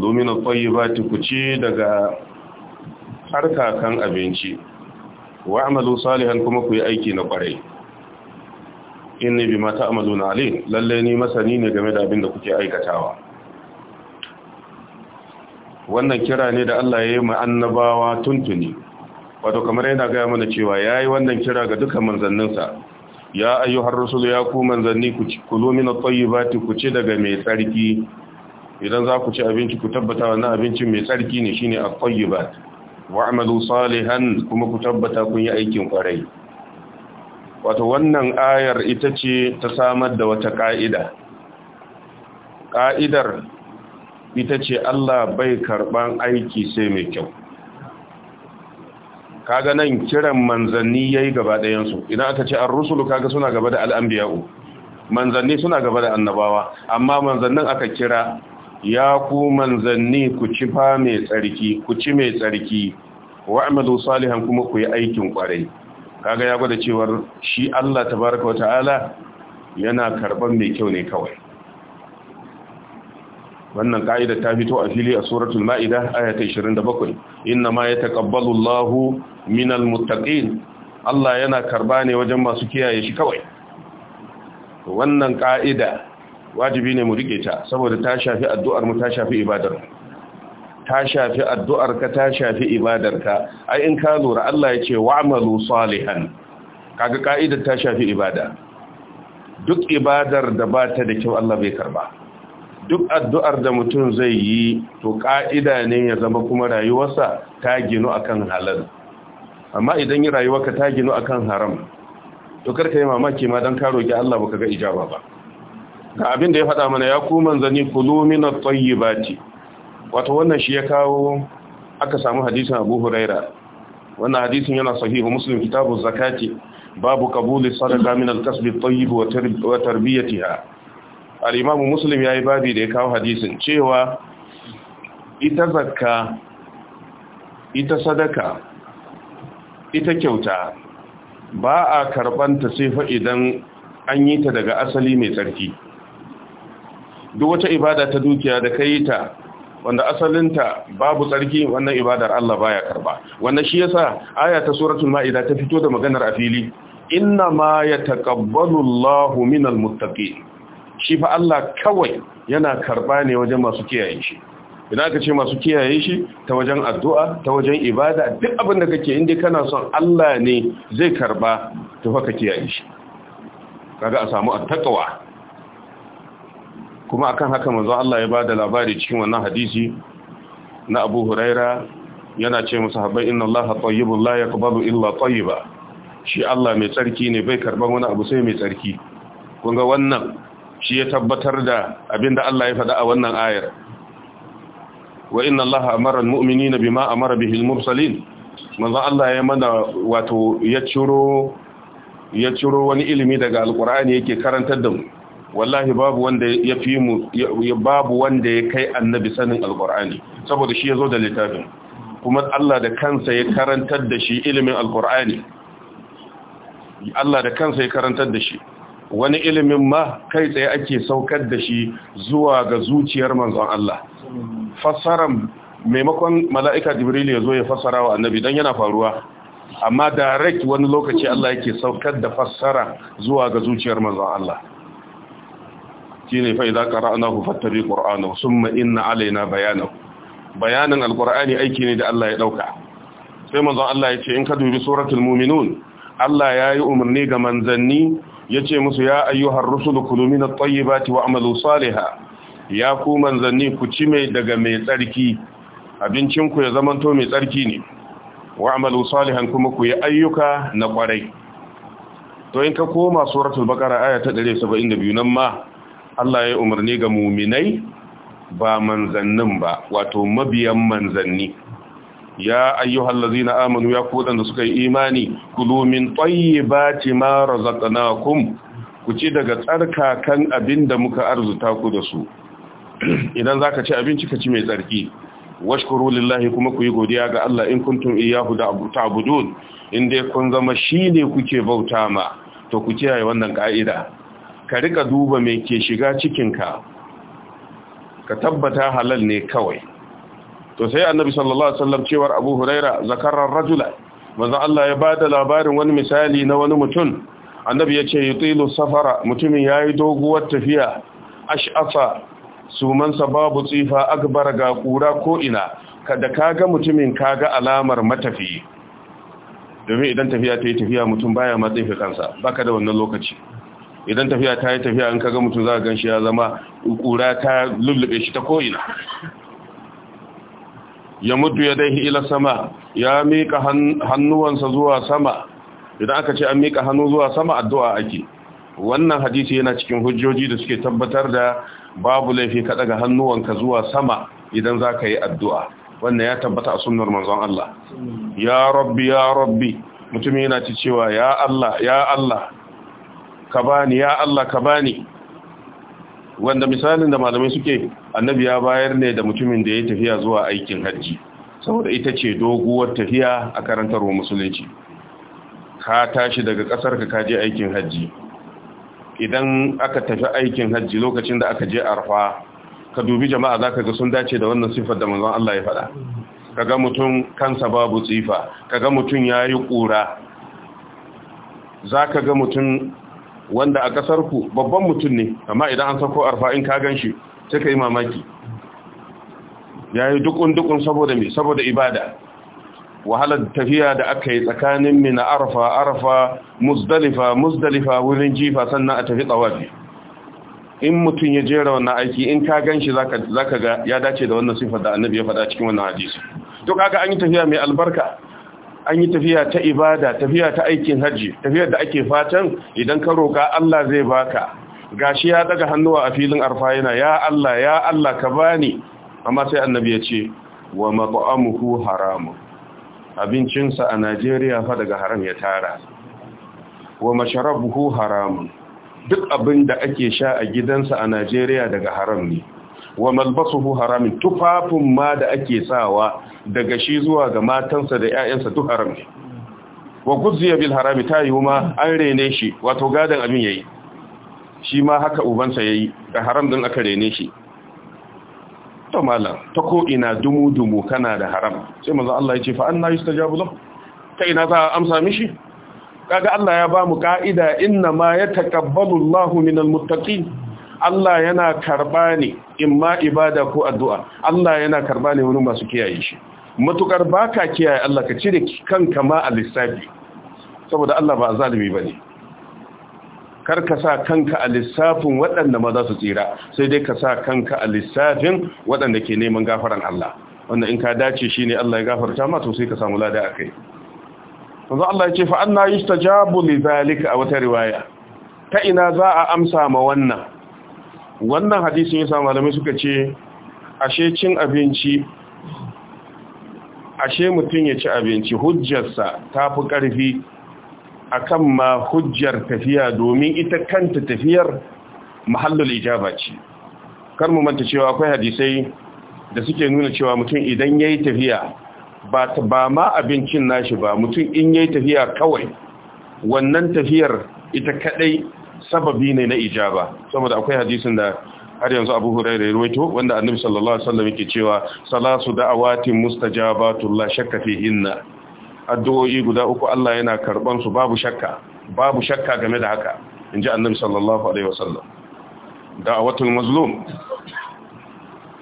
kudu kwayi ba ta kuce daga harka kan abinci wa amalu salihan kuma ku yi aiki na kwarai inni bima ta'maluna ale? lalle ni masani ne game da abin da kuke aikatawa wannan kira ne da Allah ya yi ma annabawa tuntuni wato kamar yana gaya mana cewa ya yi wannan kira ga duka manzanninsa ya ayyuhar rasul ya ku manzanni ku ci kulu ku ci daga mai tsarki idan za ku ci abinci ku tabbata wannan abinci mai tsarki ne shine at-tayyibat wa'malu salihan kuma ku tabbata kun yi aikin kwarai wato wannan ayar ita ce ta samar da wata ka'ida ka'idar ita ce Allah bai karban aiki sai mai kyau kaga nan kiran manzanni yayi gaba ɗayan su idan aka ce ar-rusulu kaga suna gaba da al-anbiya'u manzanni suna gaba da annabawa amma manzannin aka kira ya ku manzanni ku ci fa mai tsarki ku ci mai tsarki wa amalu salihan kuma ku yi aikin kwarai kaga ya gwada cewar shi Allah tabaraka wata'ala yana karban mai kyau ne kawai wannan ka'ida ta fito a fili a suratul ma'ida aya 27 inna ma yataqabbalu Allahu minal muttaqin Allah yana karba ne wajen masu kiyaye shi kawai wannan ka'ida wajibi ne mu rike ta saboda ta shafi addu'ar mu ta shafi ibadar ta shafi addu'ar ka ta shafi ibadar ka ai in ka lura Allah ya ce wa'malu salihan kaga ka'idar ta shafi ibada duk ibadar da ba ta da kyau Allah bai karba duk addu'ar da mutum zai yi to ka'ida ne ya zama kuma rayuwarsa ta ginu akan halal amma idan yi rayuwarka ta ginu akan haram to karka yi mamaki ma dan ka roki Allah baka ga ijaba ba ga abin da ya faɗa mana ya ku manzani kulu min at-tayyibati wato wannan shi ya kawo aka samu hadisin Abu Huraira wannan hadisin yana sahihu Muslim kitabu zakati babu qabuli sadaqa min al-kasb wa tayyib wa tarbiyatiha al-Imam Muslim yayi babi da ya kawo hadisin cewa ita zakka ita sadaka ita kyauta ba a karbanta sai fa idan an yi ta daga asali mai tsarki duk wata ibada ta dukiya da kai ta wanda asalinta babu tsarki wannan ibadar Allah baya karba wannan shi yasa aya ta suratul maida ta fito da maganar a fili inna ma yataqabbalu Allahu minal muttaqin shi fa Allah kawai yana karba ne wajen masu kiyaye shi Ina aka ce masu kiyaye shi ta wajen addu'a ta wajen ibada duk abin da kake inda kana son Allah ne zai karba ta ka kiyaye shi kaga a samu attaqwa kuma akan haka manzo Allah ya bada labari cikin wannan hadisi na Abu Huraira yana ce musu habbai inna Allah tayyibun la yaqbalu illa tayyiba shi Allah mai tsarki ne bai karban wani abu sai mai tsarki kun ga wannan shi ya tabbatar da abinda Allah ya faɗa a wannan ayar wa inna Allah amara almu'minina bima amara bihi almursalin manzo Allah ya mana wato ya ciro ya ciro wani ilimi daga alqur'ani yake karantar da mu wallahi babu wanda ya fi mu babu wanda ya kai annabi sanin alqur'ani saboda shi yazo da littafin kuma Allah da kansa ya karantar da shi ilimin alqur'ani Allah da kansa ya karantar da shi wani ilimin ma kai tsaye ake saukar da shi zuwa ga zuciyar manzon Allah fassaran maimakon mala'ika jibril ya zo ya fassara wa annabi don yana faruwa amma direct wani lokaci Allah yake saukar da fassara zuwa ga zuciyar manzon Allah shine fa idza qara'nahu fattabi qur'anahu summa inna alaina bayanahu bayanin alqur'ani aiki ne da Allah ya dauka sai manzon Allah ya ce in ka dubi suratul mu'minun Allah ya yi umarni ga manzanni ya ce musu ya ayyuhar rusulu kulu min at-tayyibati wa amalu ya ku manzanni ku ci mai daga mai tsarki abincinku ya zamanto mai tsarki ne wa amalu salihan kuma ku yi ayyuka na kwarai to in ka koma suratul baqara aya ta 172 nan ma Allah ya umarni ga muminai ba manzannin ba wato mabiyan manzanni ya ayyuhal ladzina amanu ya ku da suka yi imani kulu min tayyibati ma razaqnakum ku ci daga tsarka kan abinda muka arzuta ku da su (clears throat) idan zaka ci abinci ka ci mai tsarki washkuru lillahi kuma ku yi godiya ga Allah in kuntum iyyahu ta'budun in dai kun zama shine kuke bauta ma to ku kiyaye wannan ka'ida ka rika duba mai ke shiga cikinka ka tabbata halal ne kawai to sai annabi sallallahu alaihi wasallam cewar abu huraira zakarar rajula manzo Allah ya bada labarin wani misali na wani mutum annabi ya ce yutilu safara mutumin yayi doguwar tafiya ash'afa sumansa babu tsifa akbar ga kura ko ina kada kaga mutumin kaga alamar matafi domin idan tafiya ta yi tafiya mutum baya matsayin kansa baka da wannan lokaci idan tafiya ta yi tafiya in kaga mutum za ka ganshi ya zama ƙura ta lullube shi ta ko'ina ya mutu ya dai ila sama ya miƙa hannuwansa zuwa sama idan aka ce an miƙa hannu zuwa sama addu'a ake wannan hadisi yana cikin hujjoji da suke tabbatar da babu laifi ka daga hannuwanka zuwa sama idan za ka yi addu'a wannan ya tabbata a sunnar manzon Allah ya rabbi ya rabbi mutum yana ci cewa ya Allah ya Allah ka bani ya Allah ka bani wanda misalin da malamai suke annabi ya bayar ne da mutumin da ya tafiya zuwa aikin hajji saboda ita ce doguwar tafiya a karantarwa musulunci ka tashi daga kasar ka kaje aikin hajji idan aka tafi aikin hajji lokacin da aka je arfa ka dubi jama'a zaka ga sun dace da wannan sifar da manzon Allah ya faɗa ga mutum kansa babu tsifa kaga mutum yayi kura zaka ga mutum wanda a kasar ku babban mutum ne amma idan an sako arfa in ka ganshi sai ka yi mamaki yayi dukun dukun saboda me saboda ibada wahalar tafiya da aka yi tsakanin mina arfa arfa muzdalifa muzdalifa wurin jifa sannan a tafi tsawafi in mutum ya jera wannan aiki in ka ganshi zaka zaka ga ya dace da wannan sifar da annabi ya faɗa cikin wannan hadisi to kaga an yi tafiya mai albarka an yi tafiya ta ibada tafiya ta aikin hajji tafiyar da ake fatan idan ka roka Allah zai baka gashi ya daga hannuwa a filin arfa yana ya Allah ya Allah ka bani amma sai annabi ya ce wa mat'amuhu haramun abincinsa a Najeriya fa daga haram ya tara wa masharabuhu haramun duk abin da ake sha a gidansa a Najeriya daga haram ne wa malbasuhu haramin tufafin ma da ake sawa daga shi zuwa ga matansa da ƴaƴansa duk haram ne wa guzziya bil harami ta yi ma an rene shi wato gadan abin yayi shi ma haka ubansa yayi da haram din aka rene shi to mala ta ko ina dumu dumu kana da haram sai manzo Allah ya ce fa anna yustajabu lahu ta ina za a amsa mishi kaga Allah ya ba mu ka'ida inna ma yataqabbalu Allahu minal muttaqin Allah yana karba ne ma ibada ko addu'a Allah yana karba ne wurin masu kiyaye shi matukar baka kiyaye Allah ka cire kanka ma a lissafi saboda Allah ba zalimi ne. kar ka sa kanka a lissafin waɗanda ma za su tsira sai dai ka sa kanka a lissafin waɗanda ke neman gafaran Allah wanda in ka dace ne Allah ya gafarta ma to sai ka samu lada kai. manzo Allah ya ce fa ta jabu li zalika a wata riwaya ta ina za a amsa ma wannan wannan hadisin yasa malamai suka ce ashe cin abinci ashe mutum ya ci abinci hujjarsa ta fi ƙarfi akan ma hujjar tafiya domin ita kanta tafiyar mahallul ijaba ce kar mu manta cewa akwai hadisai da suke nuna cewa mutum idan ya yi tafiya ba ba ma abincin nashi ba mutum in ya yi tafiya kawai wannan tafiyar ita kadai sababi ne na ijaba saboda akwai hadisin da har yanzu abu hurairu ruwaito wanda annabi sallallahu alaihi wasallam yake cewa salasu da'awatin mustajabatu la shakka fi hinna. addu'o'i guda uku Allah yana karban su babu shakka babu shakka game da haka inji annabi sallallahu alaihi wasallam da'awatul mazlum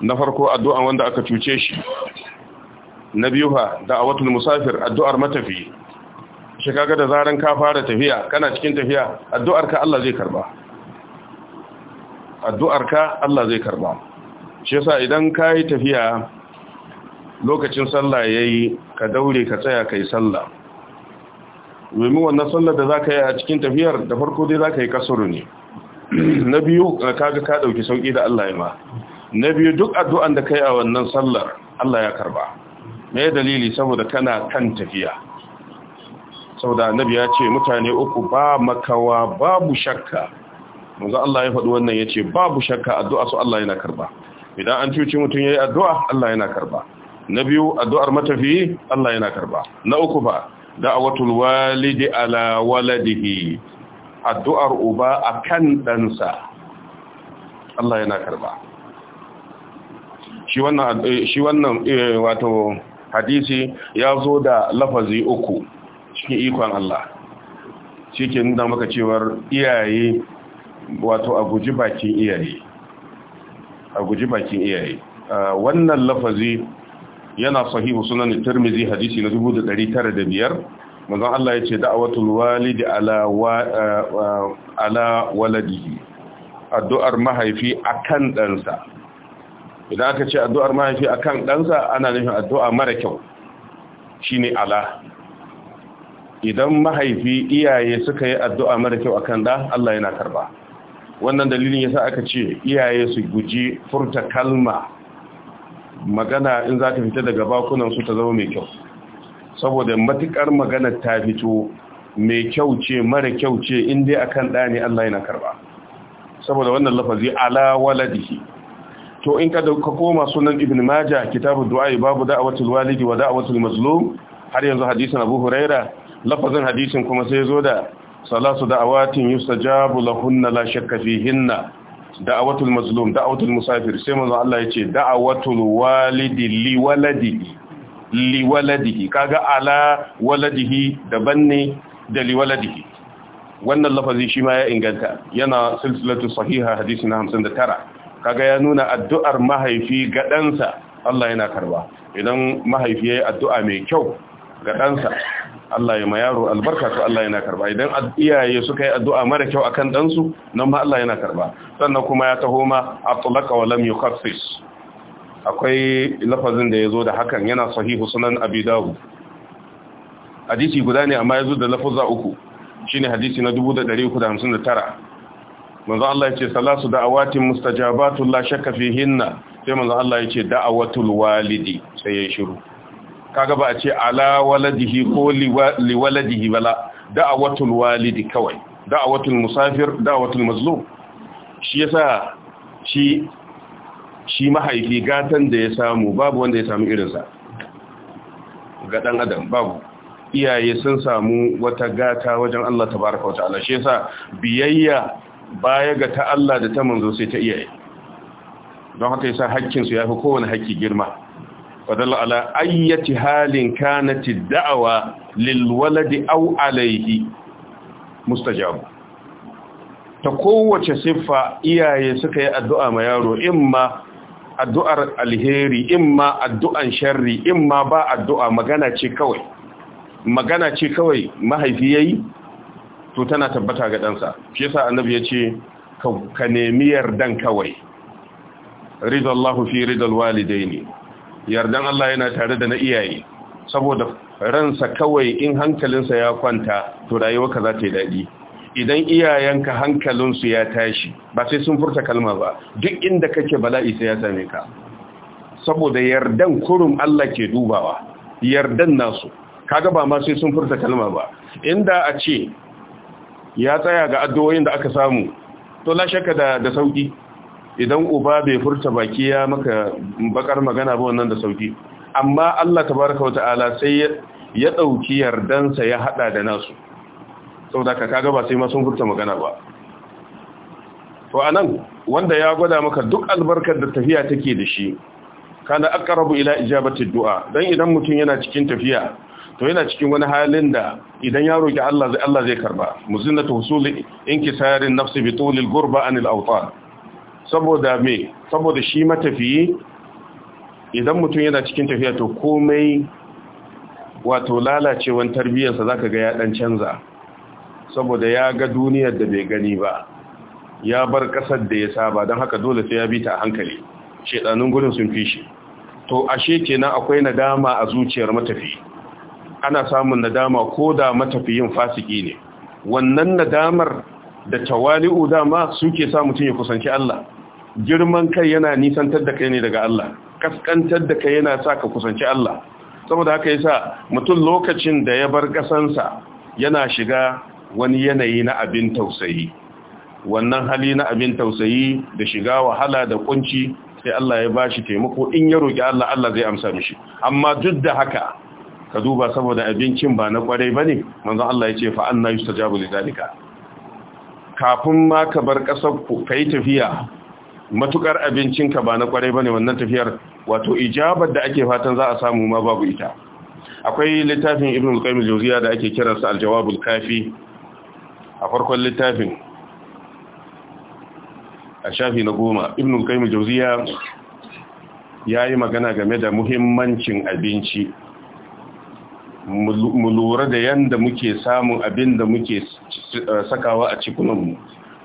na farko addu'a wanda aka cuce shi na biyu fa da'awatul musafir addu'ar matafi shi kaga da zaran ka fara tafiya kana cikin tafiya addu'arka Allah zai karba addu'arka Allah zai karba shi yasa idan kai tafiya lokacin sallah yayi ka daure ka tsaya kai sallah domin wannan sallar da zaka yi a cikin tafiyar da farko dai zaka yi kasuru ne (clears throat) na biyu kaga ka dauki sauki da Allah ya ma na biyu duk addu'an da kai a wannan sallar Allah ya karba me dalili saboda kana kan tafiya saboda annabi ya ce mutane uku ba makawa babu shakka manzo Allah ya faɗi wannan yace babu shakka addu'a su Allah yana karba idan an cuci mutum yayi addu'a Allah yana karba na biyu addu'ar matafi Allah yana karba na uku fa da'watul walidi ala waladihi addu'ar uba akan ɗansa Allah yana karba shi wannan eh, shi wannan eh, wato hadisi ya zo da lafazi uku cikin ikon Allah shi ke nuna maka cewar iyaye wato a guji bakin iyaye a guji bakin iyaye wannan lafazi yana sahihu sunan tirmizi hadisi na 1905 manzon Allah ya yace da'watul walidi ala eh, ala waladihi addu'ar mahaifi akan ɗansa idan aka ce addu'ar mahaifi akan ɗansa ana nufin addu'a mara kyau shine ala idan mahaifi iyaye suka yi addu'a mara kyau akan da Allah yana karba wannan dalilin yasa aka ce iyaye su guji furta kalma magana in za ta fita daga bakunan su ta zama mai kyau saboda matukar magana ta fito mai kyau ce mara kyau ce in dai akan da ne Allah yana karba saboda wannan lafazi ala waladihi to in ka koma sunan ibn majah kitabu du'a babu da'watul walidi wa da'watul mazlum har yanzu hadisin abu huraira lafazin hadisin kuma sai zo da salasu da'awatin jabu lahunna la shakka fihinna da'awatul mazlum da'awatul musafir sai manzo Allah yace da'awatul walidi li waladihi li waladihi kaga ala waladihi daban ne da li waladihi wannan lafazi shi ma ya inganta yana silsilatu sahiha hadisi na 59 kaga ya nuna addu'ar mahaifi ga ɗansa Allah yana karba idan mahaifi yayi addu'a mai kyau ga ɗansa Allah ya mayaro albarka to Allah yana karba idan iyaye suka yi addu'a mara kyau akan ɗansu nan ma Allah yana karba sannan kuma ya taho ma atlaqa wa lam yukhaffis akwai lafazin da yazo da hakan yana sahihu sunan abi dawud hadisi guda ne amma yazo da lafaza uku shine hadisi na 1359 manzo Allah yace salasu da'awatin mustajabatu la shakka fihinna sai manzo Allah yace da'awatul walidi sai ya shiru kaga ba a ce ala waladihi ko li waladihi bala da'awatul walidi kawai da'awatul musafir da'awatul mazlum shi yasa shi shi mahaifi gatan da ya samu babu wanda ya samu irinsa ga dan adam babu iyaye sun samu wata gata wajen Allah tabaraka wata'ala shi yasa biyayya baya ga ta Allah da ta manzo sai ta iyaye don haka yasa hakkin su yafi kowane hakki girma wadalla ala ayyati halin kanati da'awa lil waladi aw alayhi mustajab ta kowace siffa iyaye suka yi addu'a ma yaro imma addu'ar alheri imma addu'an sharri imma ba addu'a magana ce kawai magana ce kawai mahaifi yayi to tana tabbata ga ɗansa shi yasa annabi yace ce ka nemi yardan kawai ridallahu fi ridal walidaini yardan Allah yana tare da na iyaye saboda ransa kawai in hankalinsa ya kwanta to rayuwa za ta yi daɗi idan iyayenka hankalinsu ya tashi ba sai sun furta kalma ba duk inda kake bala'i sai ya same ka saboda yardan kurum Allah ke dubawa yardan nasu kaga ba ma sai sun furta kalma ba inda a ce ya tsaya ga addu'o'in da aka samu to la shakka da da sauki idan uba bai furta baki ya maka bakar magana ba wannan da sauki amma Allah tabaraka wata'ala sai ya dauki yardansa ya hada da nasu saboda ka kaga ba sai ma sun furta magana ba to anan wanda ya gwada maka duk albarkar da tafiya take da shi kana aqrabu ila ijabati du'a dan idan mutum yana cikin tafiya to yana cikin wani halin da idan ya roki Allah zai Allah zai karba muzinatu husuli inkisarin nafsi bi tulil gurba anil awtan saboda me saboda shi matafiyi idan mutum yana cikin tafiya to komai wato lalacewan tarbiyyarsa za ka ga ya dan canza saboda ya ga duniyar da bai gani ba ya bar kasar da ya saba don haka dole sai ya bita a hankali shedanun gudun sun fi shi to ashe kenan akwai nadama a zuciyar matafi ana samun nadama ko da matafiyin fasiki ne wannan nadamar da tawali'u dama suke sa mutum ya kusanci Allah girman kai yana nisantar da kai ne daga Allah kaskantar da kai yana sa ka kusanci Allah saboda haka yasa mutum lokacin da ya bar kasansa yana shiga wani yanayi na abin tausayi wannan hali na abin tausayi da shiga wahala da kunci sai Allah ya bashi taimako in ya roki Allah Allah zai amsa mishi amma duk da haka ka duba saboda abincin ba na kwarai bane manzon Allah ya ce fa anna yustajabu lidalika kafin ma ka bar kasar ku kai tafiya matukar abincinka ba na kwarai bane wannan tafiyar wato ijabar da ake fatan za a samu ma babu ita akwai littafin ibn al-qayyim al-jawziya da ake sa al-jawab al-kafi a farkon littafin a shafi na goma ibn al-qayyim al-jawziya yayi magana game da muhimmancin abinci mu lura da yanda muke samun abin da muke uh, sakawa a cikunan mu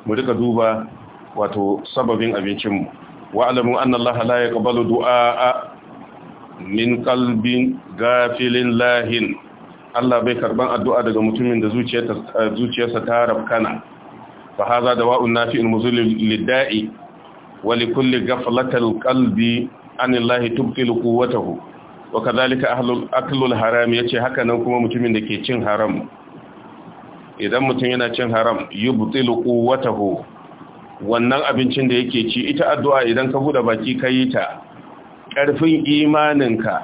mu rika duba wato sababin abincinmu wa'alamu an Allah la yaqbalu du'a min qalbin gafilin lahin Allah bai karban addu'a daga mutumin da zuciyarsa ta rafkana fa haza dawa'un nafi'un muzilil lidda'i wa likulli ghaflatil qalbi an Allah tubtilu quwwatahu wa kadhalika ahlul aklul haram yace haka nan kuma mutumin da ke cin haram idan mutum yana cin haram yubtilu quwwatahu wannan abincin da yake ci ita addu'a idan ka buɗe baki ka yi ta ƙarfin imaninka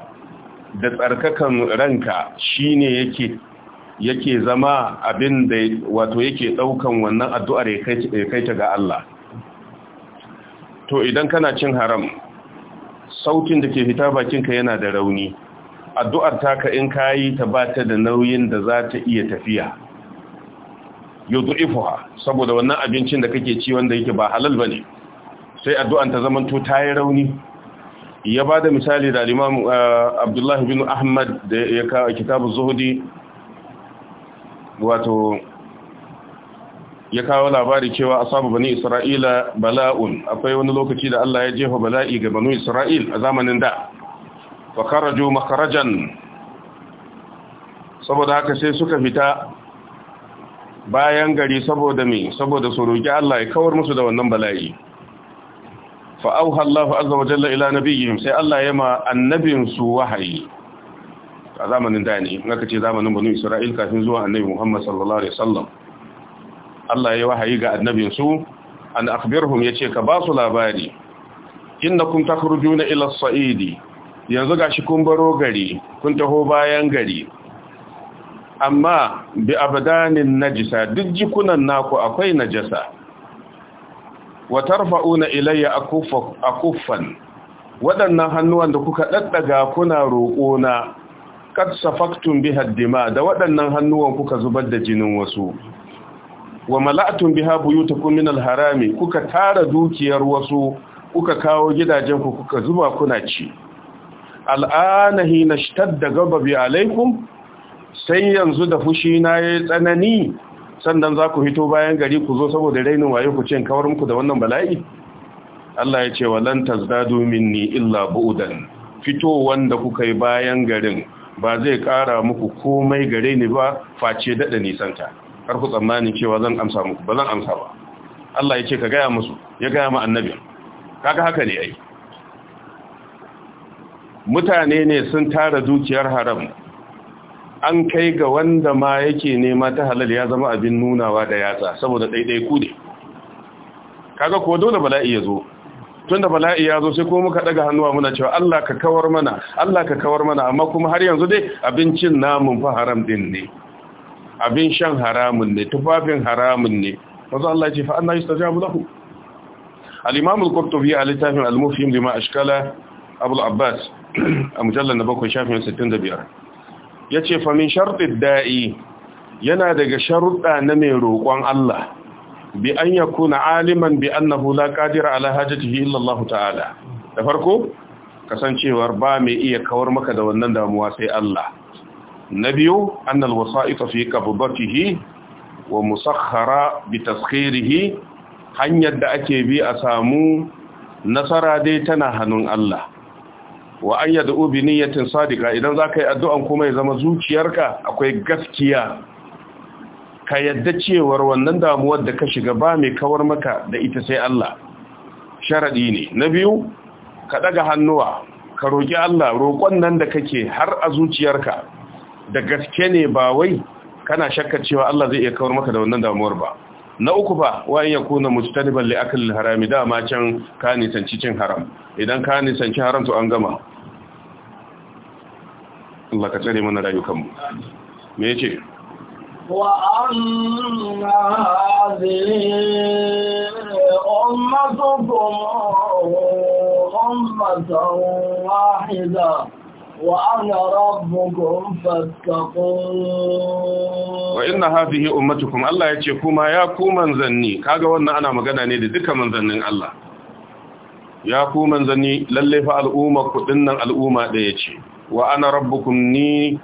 da tsarkakan ranka shine yake yake zama abin da wato yake ɗaukan wannan addu'ar ya kai ta ga Allah to idan kana cin haram sautin da ke fita bakinka yana da rauni addu'ar ta ka in kayi ta ba ta da nauyin da za ta iya tafiya yudhifuha saboda wannan abincin da kake ci wanda yake ba halal bane sai addu'an ta zamanto ta yi rauni ya ba da misali da Imam eh, Abdullah bin Ahmad da ya kawo Zuhudi wato ya kawo labari cewa asabu bani Isra'ila bala'un akwai wani lokaci da Allah ya jefa bala'i ga bani Isra'il a zamanin da fa kharaju saboda haka sai suka fita bayan gari saboda mai saboda su roki Allah ya kawar musu da wannan bala'i fa auha Allahu azza wa jalla ila nabiyihim sai Allah ya ma annabin su wahayi a zamanin da ne aka ce zamanin banu Isra'il kafin zuwa annabi Muhammad sallallahu alaihi wasallam Allah ya wahayi ga annabin su an akhbirhum yace ka basu labari innakum takhrujuna ila as-sa'idi yanzu gashi kun baro gari kun taho bayan gari amma bi abdanin najisa duk jikunan naku akwai najasa wa tarfa'una ilayya akuffan waɗannan hannuwan da kuka daddaga kuna roƙona kad safaktum biha dima da waɗannan hannuwan kuka zubar da jinin wasu wa mala'atun biha buyutukum min alharami harami kuka tara dukiyar wasu kuka kawo gidajen ku kuka zuba kuna ci al'ana hina shtadda gababi alaikum sai yanzu da fushi na yayi tsanani sannan za ku hito bayan gari ku zo saboda rainin waye ku ce kawar muku da wannan bala'i Allah ya ce walan tazdadu minni illa bu'dan fito wanda kuka yi bayan garin ba zai kara muku komai gare ni ba face dada ta. har ku tsammani cewa zan amsa muku ba zan amsa ba Allah ya ce ka gaya musu ya gaya ma annabi kaga haka ne ai mutane ne sun tara dukiyar haram an kai ga wanda ma yake nema ta halal ya zama abin nunawa da yatsa saboda ɗaiɗai ku ne kaga ko dole bala'i ya zo tun da bala'i ya zo sai ko muka daga hannuwa muna cewa Allah ka kawar mana Allah ka kawar mana amma kuma har yanzu dai abincin namun fa haram din ne abin shan haramun ne tufafin haramun ne wanzu Allah ce fa anna yustajabu lahu al-imam al-qurtubi a littafin al-mufhim lima ashkala abul abbas a mujallal na 7 shafin 65 ya ce famin sharti da'i yana daga sharuɗa na mai roƙon Allah bi an ya kuna aliman bi annahu la qadira ala hajatihi illa Allah ta'ala da farko kasancewar ba mai iya kawar maka da wannan damuwa sai Allah na biyu annal wasa'ita fi qabdatihi wa musakhkhara bi taskhirihi hanyar da ake bi a samu nasara dai tana hannun Allah wa an da bi niyyatin sadiqa idan za ka yi addu'an kuma ya zama zuciyarka akwai gaskiya ka yadda cewar wannan damuwar da ka shiga ba mai kawar maka da ita sai Allah Sharaɗi ne na biyu ka ɗaga hannuwa ka roki Allah roƙon nan da kake har a zuciyarka da gaske ne ba wai kana shakka cewa Allah zai iya kawar maka da wannan damuwar ba na uku fa wa in yakuna mujtaniban li akli harami dama can ka nisanci cin haram idan ka nisanci haram to an gama Allah ka tsare mana rayukan mu me yace wa anna ummatukum ummatan wahida wa inna hafihi ummatukum Allah ya ce kuma ya ku manzanni kaga wannan ana magana ne da duka manzannin Allah ya ku manzanni lalle fa al'umma kuɗin nan al'umma ɗaya ce wa ana rabbukum ni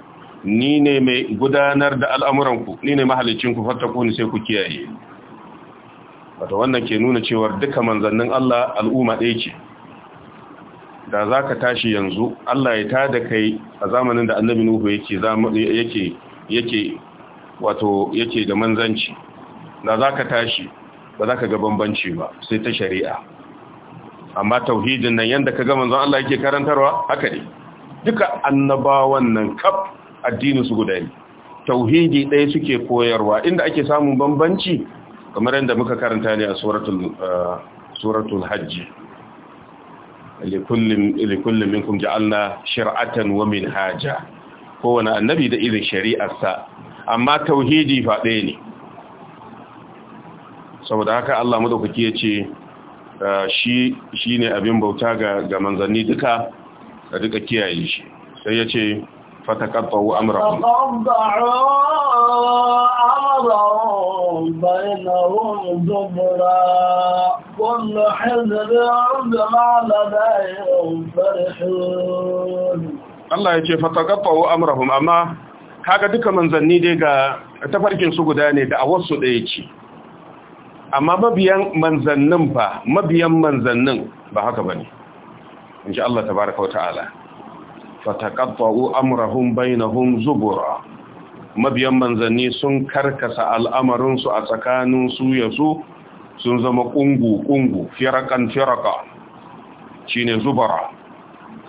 ne mai gudanar da al'amuranku ni ne mahalicinku fattaku ni sai ku kiyaye wato wannan ke nuna cewa duka manzannin Allah al'umma ɗaya ce da za ka tashi yanzu Allah ya tada kai a zamanin da annabi Nuhu yake da manzanci da za ka tashi ba za ka ga bambanci ba sai ta shari'a amma tauhidin nan yanda ka ga manzon Allah yake karantarwa haka ne duka annabawan nan kaf addinin su guda ne tauhidi ɗaya suke koyarwa inda ake samun bambanci kamar yadda muka karanta ne a suratul uh, suratul hajji likullin minkum ja'alna shir'atan wa minhaja kowane annabi da irin shari'arsa amma tauhidi fa ɗaya ne saboda haka Allah madaukaki ya ce ah, shi ne abin bauta ga ga manzanni duka da duka kiyaye shi sai ya ce فتقطعوا امرهم Allah ya ce fataqattu amrahum amma kaga duka manzanni dai ga tafarkin su guda ne da awarsu daya ce amma mabiyan manzannin ba mabiyan manzannin ba haka ba bane insha Allah ta baraka wa ta'ala fataqatta'u amrahum bainahum zubura mabiyan manzanni sun karkasa al'amarin su a tsakanin su yasu sun zama kungu kungu firakan firaka shine zubara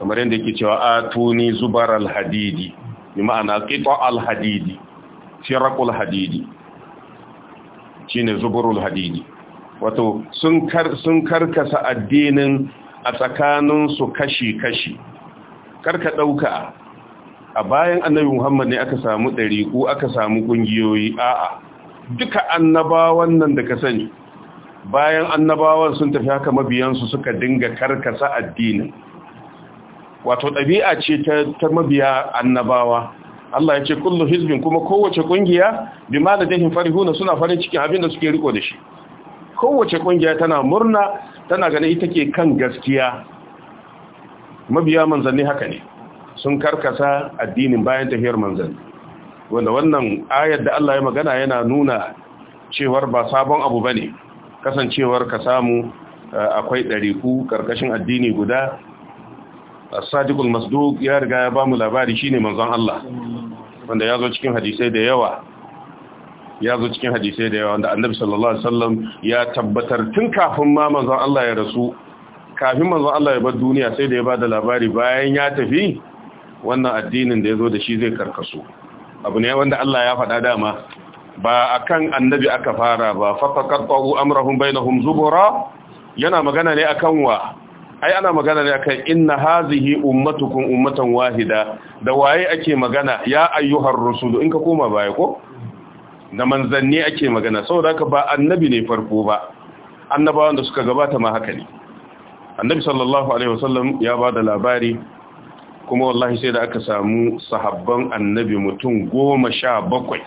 kamar yadda yake cewa atuni zubaral hadidi bi ma'ana qita'al hadidi firakul hadidi shine zuburul hadidi wato sun karkasa addinin a tsakanin su kashi-kashi karka ɗauka a bayan annabi muhammad ne aka samu ko aka samu ƙungiyoyi a'a duka annabawan nan da ka sani bayan annabawan sun tafi haka mabiyansu suka dinga karkasa addinin wato ɗabi'a ce ta mabiya annabawa Allah ya ce kullum hizbin kuma kowace ƙungiya bi ma da jahin farihuna suna farin cikin abin da suke riko da shi kowace ƙungiya tana murna tana ganin ita ke kan gaskiya mabiya manzanni haka ne sun karkasa addinin bayan tafiyar manzanni wanda wannan ayar da Allah ya magana yana nuna cewar ba sabon abu ba ne kasancewar ka samu eh, akwai ɗariku ƙarƙashin addini guda sadiqul masdu ya riga ya bamu labari shine manzon Allah wanda ya zo cikin hadisai da yawa ya zo cikin hadisai da yawa wanda annabi sallallahu ya tabbatar tun kafin ma manzon Allah ya rasu kafin manzo Allah ya bar duniya sai da ya ba da labari bayan ya tafi wannan addinin da ya zo da shi zai karkasu abu ne wanda Allah ya faɗa dama ba akan annabi aka fara ba fafaqatu amrahum bainahum zubura yana magana ne akan wa ai ana magana ne akan inna hazihi ummatukum ummatan wahida da waye ake magana ya ayyuhar rusulu in ka koma baya ko da manzanni ake magana saboda haka ba annabi ne farko ba annabawan da suka gabata ma haka ne annabi sallallahu alaihi wasallam ya ba da labari kuma wallahi sai da aka samu sahabban annabi mutum goma sha bakwai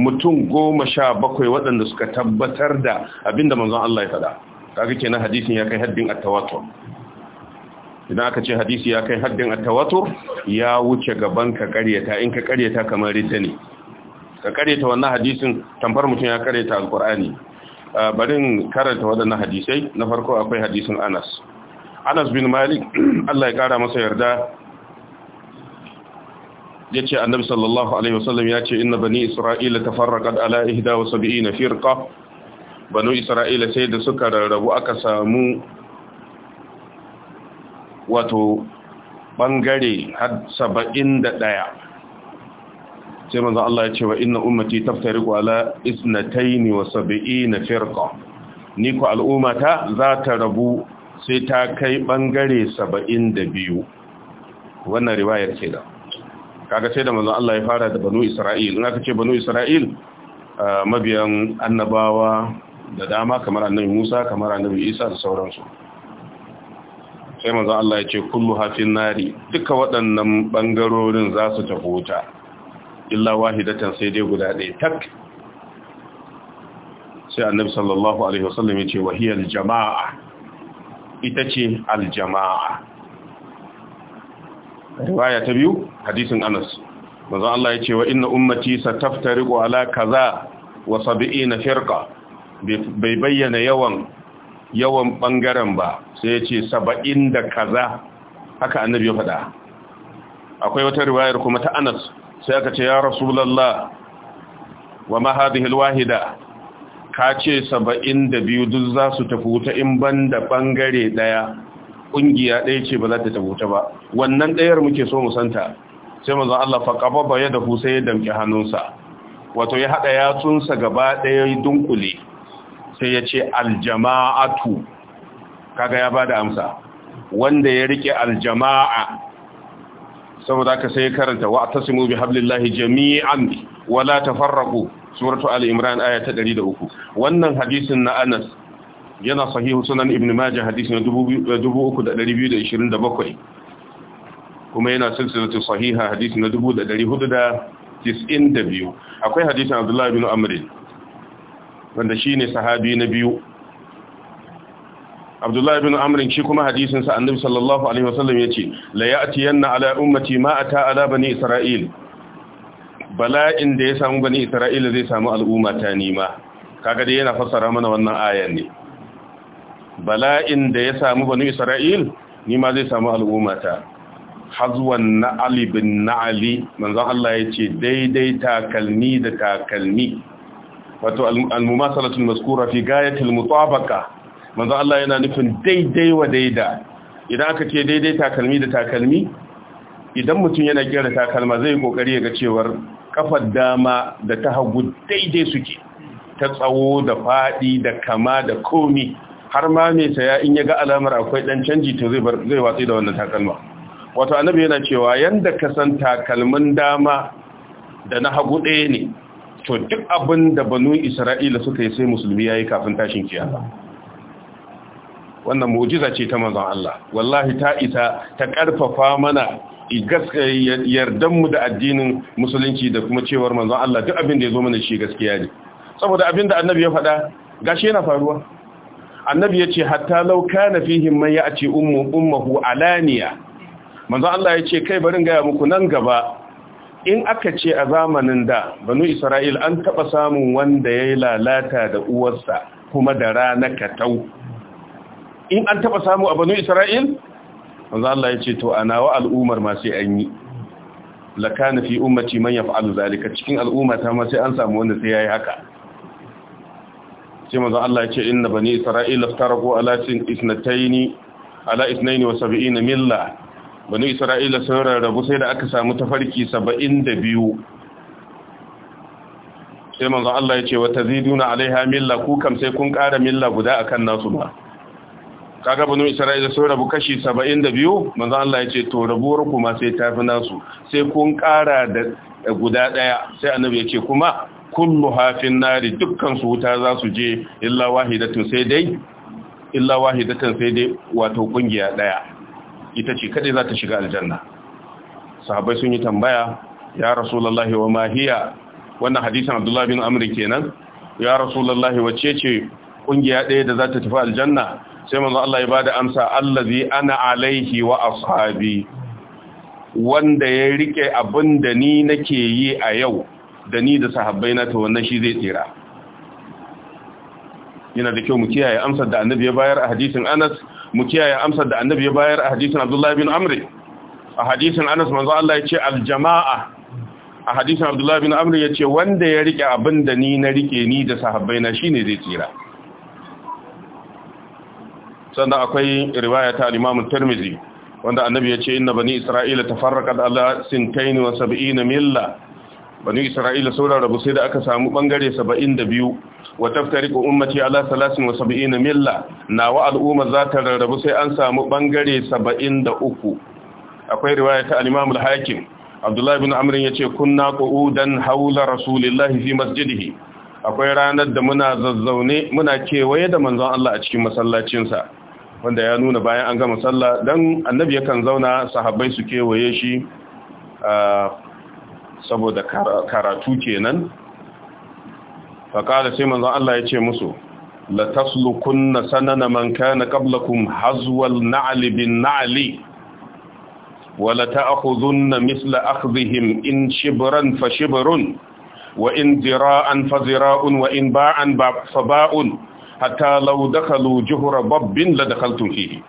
mutum goma sha bakwai waɗanda suka tabbatar da abinda manzon Allah ya faɗa kaga kenan hadisin ya kai haddin at-tawatur idan aka ce hadisi ya kai haddin at-tawatur ya wuce gaban ka karyata, in ka ƙaryata kamar rita ne ka ƙaryata wannan hadisin tamfar mutum ya ƙaryata alqur'ani barin karanta waɗannan hadisai na farko akwai hadisin Anas Anas bin Malik (clears throat) Allah ya kara masa yarda yace Annabi sallallahu alaihi wasallam yace inna bani Isra'ila tafarraqat ala na firqa banu Isra'ila sai da suka rarrabu aka samu wato bangare har ɗaya. sai manzo Allah ya ce wa inna ummati taftariqu ala isnatayn wa sab'ina firqa ni ku al'ummata za ta rabu sai ta kai bangare 72 wannan riwayar ce da kaga sai da manzo Allah ya fara da banu Isra'il in aka ce banu Isra'il mabiyan annabawa da dama kamar annabi Musa kamar annabi Isa da sauransu sai manzo Allah ya ce kullu hafin nari duka waɗannan bangarorin za su tafi wuta illa wahidatan sai dai guda ɗaya tak sai annabi sallallahu alaihi wasallam ya ce wahiyar jama'a ita ce aljama'a riwaya ta biyu hadisin anas manzo Allah ya ce wa inna ummati sataftariqu ala kaza wa 70 firqa bai bayyana yawan yawan bangaren ba sai yace ce 70 da kaza haka annabi ya faɗa akwai wata riwayar kuma ta anas sai aka ce ya rasulallah wa ma hadhihi alwahida ka ce 72 duk za su tafi wuta in banda bangare daya kungiya daya ce ba za ta tafi wuta ba wannan dayar muke so mu santa sai mazan Allah fa ya ku sai ya damke hannunsa wato ya hada yatsunsa gaba ɗaya dunkule sai ya ce aljama'atu kaga ya bada amsa wanda ya rike aljama'a saboda aka sai karanta wa atasimu bi hablillahi jami'an wala la tafarraqu suratu ali imran aya ta 103 wannan hadisin na Anas yana sahihu sunan ibn majah hadisi na 3227 eh, kuma yana silsilatu sahiha hadisi na 1492 akwai hadisin abdullahi bin amr wanda shine sahabi na biyu abdullahi bin amrin shi kuma hadisin sa annabi sallallahu alaihi wasallam yace la ya'tiyanna ala ummati ma ata ala bani isra'il bala'in da ya samu bani Isra'il zai samu al'umma ta nima kaga dai yana fassara mana wannan ayan ne bala'in da ya samu bani isra'il nima zai samu al'umma ta hazwan na'ali bin na'ali manzon Allah yace daidai takalmi da takalmi wato al-mumasalatul mazkura fi gayatil mutabaqa manzo Allah yana nufin daidai wa daida idan aka ce daidai takalmi da takalmi idan mutum yana kira takalma zai kokari ya ga cewar kafar dama da ta hagu daidai suke ta tsawo da fadi da kama da komi har ma mai saya in ya ga alamar akwai dan canji to zai bar zai watsi da wannan takalma wato annabi yana cewa yanda ka san takalmin dama da na hagu ɗaya ne to duk abin da banu isra'ila suka yi sai musulmi yayi kafin tashin kiyama wannan mu'jiza ce ta manzon Allah wallahi ta isa ta karfafa mana yardanmu da addinin musulunci da kuma cewar manzon Allah duk abin da ya zo mana shi gaskiya ne saboda abin da annabi ya faɗa gashi yana faruwa annabi ya ce hatta lau kana fihim man ya'ti ummu ummuhu alaniya manzon Allah ya ce kai barin gaya muku nan gaba in aka ce a zamanin da banu Isra'il an taba samun wanda yayi lalata da uwarsa kuma da rana tau. in an taba samu a banu isra'il manzo Allah ya ce to a nawa al'ummar ma sai an yi lakana fi ummati man yaf'alu zalika cikin al'umma ta ma sai an samu wanda sai yayi haka sai manzo Allah ya ce inna bani isra'ila iftaraku ala isnataini ala 72 milla bani isra'il sun rarrabu sai da aka samu tafarki 72 sai manzo Allah ya ce wa taziduna alaiha milla ku kam sai kun ƙara milla guda akan nasu ba kaga banu isra'ila sun rabu kashi 72 manzo Allah ya ce to rabuwar ma sai tafi nasu sai kun ƙara da guda daya sai annabi ya ce kuma kullu hafin nari dukkan su wuta za su je illa wahidatun sai dai illa wahidatan sai dai wato kungiya daya ita ce kade za ta shiga aljanna sahabbai sun yi tambaya ya rasulullahi wa mahiya wannan hadisin abdullahi bin amr kenan ya rasulullahi wace ce kungiya ɗaya da za ta tafi aljanna sai manzo Allah ya bada amsa allazi ana alaihi wa ashabi wanda ya rike abin da ni nake yi a yau da ni da sahabbai na ta wannan shi zai tsira yana da kyau mu kiyaye amsar da annabi ya bayar a hadisin Anas mu kiyaye amsar da annabi ya bayar a hadisin Abdullah bin Amr a hadisin Anas manzo Allah ya ce aljamaa a hadisin Abdullah bin Amr ya ce wanda ya rike abin da ni na rike ni da sahabbai na shine zai tsira sannan akwai riwaya ta al-Imam Tirmidhi wanda annabi ya ce inna bani Isra'ila tafarraqat ala 72 milla bani Isra'ila sauran rabu sai da aka samu bangare 72 wa taftariqu ummati ala 73 milla nawa al'umma za ta rarrabu sai an samu bangare 73 akwai riwaya ta al-Imam al-Hakim Abdullah ibn Amr yace kunna qu'udan haula rasulillahi fi masjidihi akwai ranar da muna zazzaune muna kewaye da manzon Allah a cikin masallacinsa wanda ya nuna bayan an gama sallah dan annabi yakan zauna sahabbai su kewaye shi saboda karatu kenan faƙada sai manzan Allah ya ce musu la taslukunna sanana man kana qablakum hazwal na'ali bin na'li wala ta'khudunna misla akhdhihim in shibran fa shibrun wa in dira'an fa zira'un wa in ba'an fa ba'un hatta law dakhalu juhra babbin la dakhaltum fihi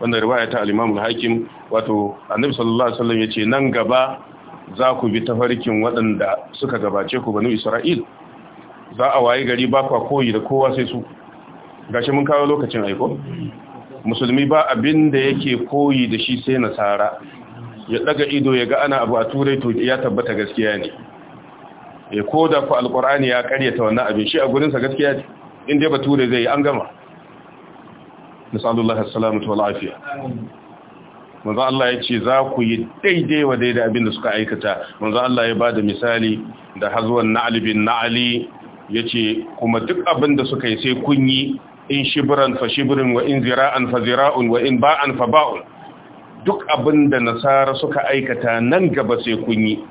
wannan riwaya ta al-Imam al-Hakim wato Annabi sallallahu alaihi wasallam yace nan gaba za ku bi tafarkin waɗanda suka gabace ku banu Isra'il za a waye gari ba kwa koyi da kowa sai su gashi mun kawo lokacin aiko musulmi ba abin da yake koyi da shi sai nasara ya daga ido ya ga ana abu a turai to ya tabbata gaskiya ne ya eh, koda ku alkur'ani ya karyata wannan abin shi a gurinsa gaskiya ne Inda dai bature zai yi an gama nasallallahu salamatu wal afiya manzo Allah ya ce za ku yi daidai wa daidai abin da suka aikata manzo Allah ya bada misali da hazwan na'al bin na'ali yace kuma duk abin da suka yi sai kun yi in shibran fa shibrin wa in zira'an fa zira'un wa in ba'an fa ba'un duk abin da nasara suka aikata nan gaba sai kun yi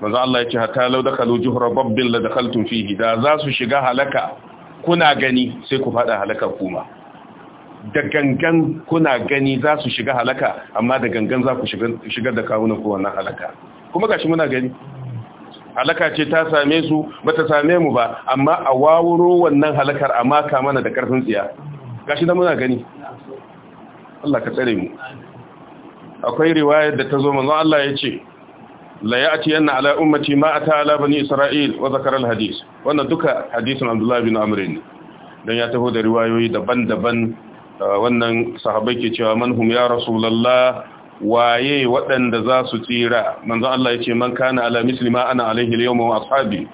manzo Allah ya ce hatta law dakalu juhra babbin la dakaltum fihi da za su shiga halaka kuna gani sai ku fada halaka kuma da gangan kuna gani za su shiga halaka amma da gangan za ku shigar da kawunan ku wannan halaka kuma gashi muna gani halaka ce ta same su bata same mu ba amma a wawuro wannan halakar amma ka mana da karfin tsiya gashi da muna gani Allah ka tsare mu akwai riwayar da ta zo manzon Allah ya ce la ya'ti yanna ala ummati ma ala bani isra'il wa zakara al wannan duka hadisin abdullah bin amr ne Don ya taho da riwayoyi daban-daban uh, wannan sahabai ke cewa man hum ya rasulullah waye waɗanda za su tsira manzo Allah ya ce man kana ala muslima ana alaihi al wa ashabi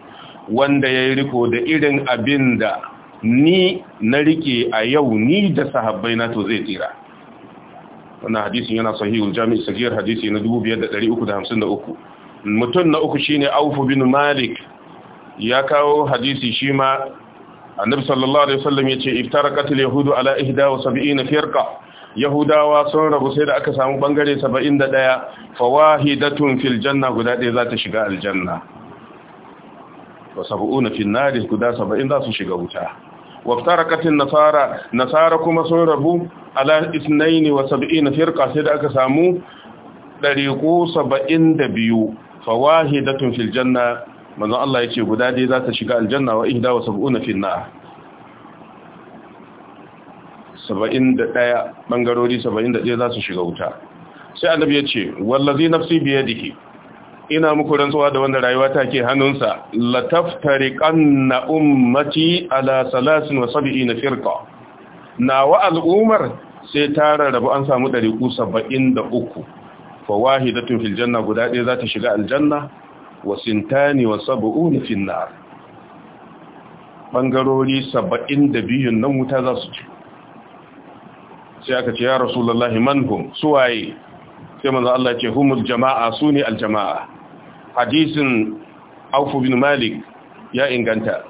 wanda ya yi riko da irin abin da ni na rike a yau ni da sahabbai na to zai tsira wannan hadisin yana sahihul jami' sahihar hadisi na 2353 mutum na uku shine aufu bin Malik ya kawo hadisi shi ma annabi sallallahu alaihi wasallam yace iftaraqat al-yahudu ala 71 firqa yahudawa sun rabu sai da aka samu bangare 71 fawahidatun fil janna guda ɗaya za ta shiga aljanna wa na fil nar guda 70 za su shiga wuta waftarakatin nasara nasara kuma sun rabu ala isnaini wa sab'ina firqa sai da aka samu dariqu 72 fawahidatun fil janna manzo Allah yace guda dai za ta shiga aljanna wa ihda wa sab'una fil nar 71 bangarori 71 za su shiga wuta sai annabi yace wallazi nafsi biyadihi ina muku rantsuwa da wanda rayuwa take hannunsa lataftariqanna ummati ala 73 firqa nawa al'umar sai tara rabu an samu 173 fa wahidatun fil janna guda ɗaya za ta shiga aljanna wa sintani wa sab'un fil nar bangarori 72 nan wuta za su ci sai aka ce ya rasulullahi man hum suwaye sai manzo Allah ce humul jama'a suni aljama'a hadisin Auf bin Malik ya inganta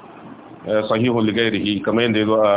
eh, sahihun ligairihi kamar yadda ya zo a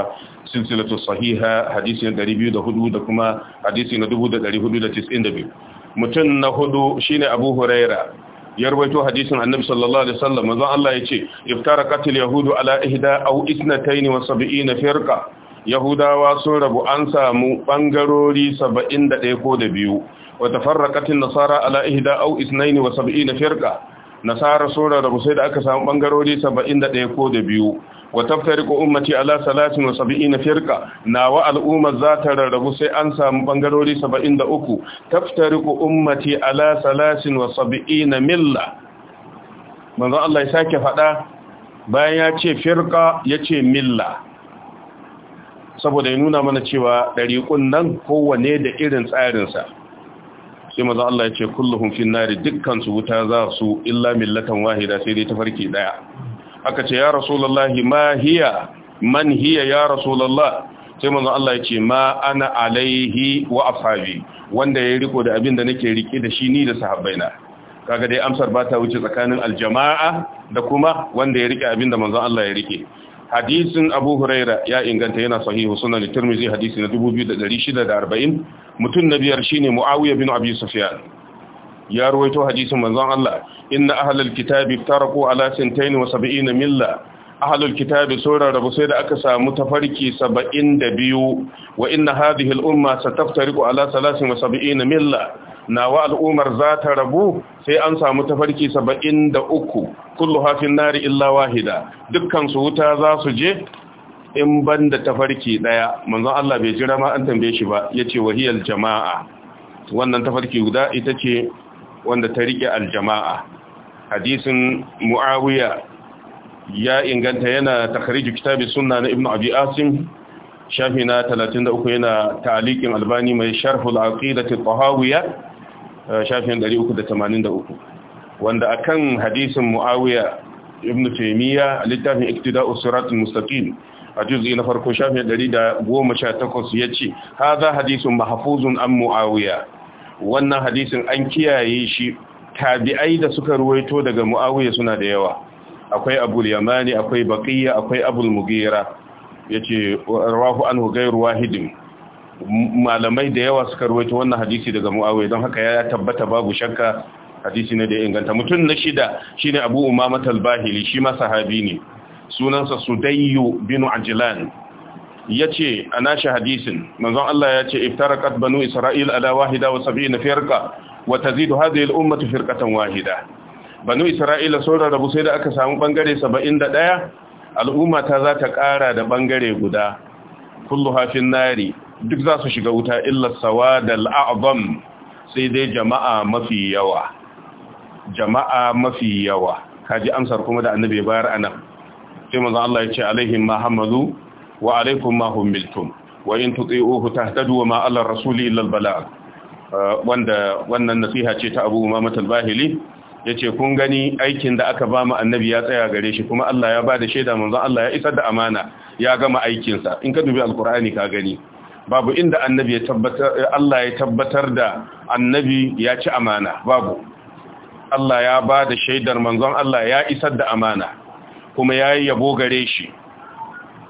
silsilatu sahiha Hadisin na 204 da kuma hadisin na 492 mutum na hudu shine abu huraira ya rawaito hadisin annabi sallallahu alaihi wasallam manzon Allah yace iftaraqat al-yahudu ala ihda aw ithnatayn wa sab'ina firqa yahudawa sun rabu an samu bangarori 71 ko da biyu وتفرقت النصارى على إهدى أو إثنين وسبعين فرقة نصارى سورة ربسيد أكسام بانغروري سبعين دا يكود بيو وتفترق أمتي على ثلاث وسبعين فرقة ناوى الأمة ذات ربسي أنسى بانغروري سبعين دا أكو تفترق أمتي على ثلاث وسبعين ملة من ذا الله يساك فتا بايا يتي فرقة يتي ملة saboda ya nuna mana cewa ɗariƙun nan kowane da irin tsarinsa sai maza Allah ya ce kulluhum fin nari dukkan su wuta za su illa millatan wahida sai dai tafarki daya aka ce ya rasulullahi ma hiya man hiya ya rasulullah sai maza Allah ya ce ma ana alaihi wa ashabi wanda ya riko da abin da nake rike da shi ni da sahabbaina kaga dai amsar ba ta wuce tsakanin aljama'a da kuma wanda ya rike abin da manzon Allah ya rike hadisin abu huraira ya inganta yana sahihu sunan tirmizi hadisi na 2640 mutum na biyar shine muawiya bin abi sufyan ya ruwaito hadisin manzon Allah inna ahlul kitabi taraku ala 72 milla ahlul kitabi sura rabu sai da aka samu tafarki 72 wa inna hadhihi al umma sataftariku ala 73 milla nawa al'umar za ta rabu sai an samu tafarki saba'in da uku kullu hafin nari illa wahida dukkansu wuta za su je in ban da tafarki ɗaya manzon Allah bai jira ma an tambaye shi ba ya ce wahiyar jama'a wannan tafarki guda ita ce wanda ta riƙe aljama'a hadisin mu'awiya ya inganta yana takharij kitabin sunna na ibnu abi asim shafi na 33 yana ta'liqin albani mai sharh al-aqidati tahawiyya shafin 383 wanda akan hadisin muawiya ibn taymiya a littafin iktida'u siratul mustaqim a juz'i na farko shafin 118 yace hadha hadisun mahfuzun an muawiya wannan hadisin an kiyaye shi tabi'ai da suka ruwaito daga muawiya suna da yawa akwai abul yamani akwai baqiya akwai abul mugira yace rawahu anhu ghayru wahidin malamai da yawa suka ruwaita wannan hadisi daga muawiya don haka ya tabbata babu shakka hadisi ne da inganta mutum na shida shine abu umama talbahili shi ma sahabi ne sunansa sudayyu bin ajlan yace a nashi hadisin manzon Allah ya ce iftaraqat banu isra'il ala wahida wa sab'ina firqa wa tazidu hadhihi al-ummatu firqatan wahida banu isra'ila sun rarrabu sai da aka samu bangare 71 al'umma ta za ta kara da bangare guda kullu hafin nari duk za su shiga wuta illa sawadal a'zam sai dai jama'a mafi yawa jama'a mafi yawa kaji amsar kuma da annabi bayar anan sai manzo Allah ya ce alaihim Muhammadu wa alaikum ma humiltum wa in tuti'uhu tahtadu wa ma ala rasuli illa uh, wanda wannan nasiha ce ta Abu Umama al-Bahili yace kun gani aikin da aka ba mu annabi ya tsaya gare shi kuma Allah ya ba da shaida manzo Allah ya isar da amana ya gama aikin sa in ka dubi alqur'ani ka gani babu inda annabi ya tabbatar Allah ya tabbatar da annabi ya ci amana babu Allah ya ba da shaidar manzon Allah ya isar da amana kuma ya yi yabo gare shi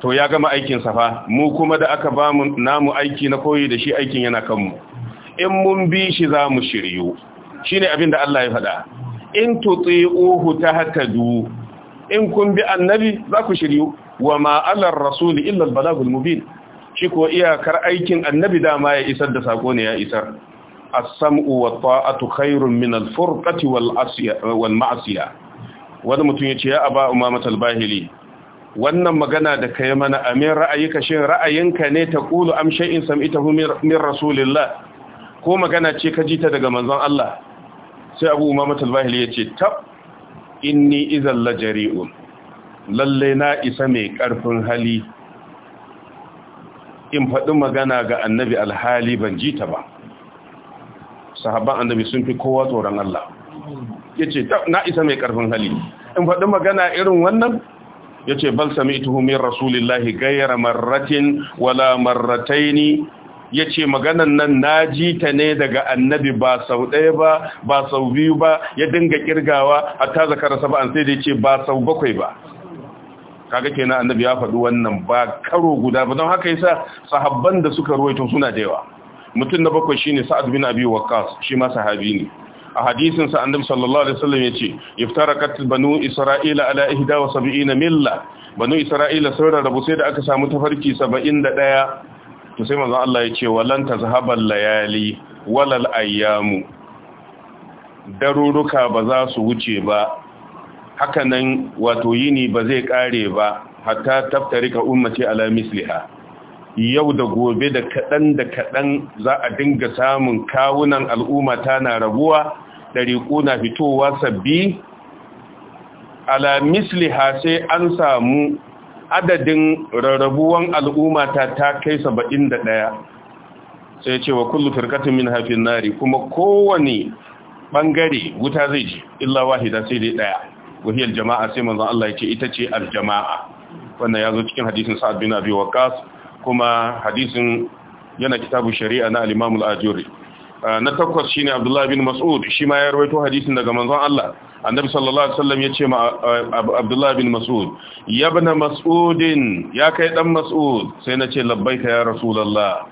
to ya gama aikin safa mu kuma da aka ba mu namu aiki na koyi da shi aikin yana kanmu in mun bi shi za mu shiryu shine abin da Allah ya faɗa in tuti'uhu tahtadu in kun bi annabi za ku shiryu wa ma rasuli illa al al mubin shi ko iyakar aikin annabi dama ya isar da sako ne ya isar as-sam'u wa ta'atu khairun min al-furqati wal asiya wal ma'siya wani mutum yace ya aba umama wannan magana da kai mana amin ra'ayika shin ra'ayinka ne ta qulu am shay'in sam'itahu min rasulillah ko magana ce ka ji ta daga manzon Allah sai abu umama talbahili yace tab inni idhal lajari'un lalle na isa mai karfin hali in faɗi magana ga annabi alhali ban ji ta ba sahabban annabi sun fi kowa tsoron Allah ya ce na isa mai ƙarfin hali in faɗi magana irin wannan ya ce bal sami ita min rasulillahi gayyara marratin wala marataini. ya ce maganan nan na ji ta ne daga annabi ba sau ɗaya ba ba sau biyu ba ya dinga ƙirgawa. a ta zakararsa ba an sai da ya ce ba sau bakwai ba kaga kenan annabi ya faɗi wannan ba karo guda ba don haka yasa sahabban da suka ruwaito suna da yawa mutum na bakwai shine sa'ad bin abi waqqas shi ma sahabi ne a hadisin sa annabi sallallahu alaihi wasallam yace iftarakat banu isra'ila ala 71 milla banu isra'ila sun rarrabu sai da aka samu tafarki 71 to sai manzo Allah yace walan tazhabal layali walal ayyamu daruruka ba za su wuce ba hakanan wato yini ba zai kare ba hatta taftarika ummati ala misliha yau da gobe da kadan da kadan za a dinga samun kawunan al'umma tana rabuwa dariqu na fitowa sabbi ala misliha sai an samu adadin rarrabuwan al'umma ta ta kai 71 sai ce wa kullu firkatin min hafin nari kuma kowane bangare wuta zai ji illa wahida sai dai daya wahiyar jama'a sai manzon Allah ya ce ita ce aljama'a wannan ya zo cikin hadisin sa'ad bin abi waqas kuma hadisin yana kitabu shari'a na al-imam al-ajuri ah, na takwas shine abdullahi bin mas'ud shi ma ya rawaito hadisin daga manzon Allah annabi sallallahu alaihi wasallam ya ce ma ah, abdullahi bin mas'ud ya ibn mas'udin ya kai dan mas'ud sai na ce labbaika ya rasulullah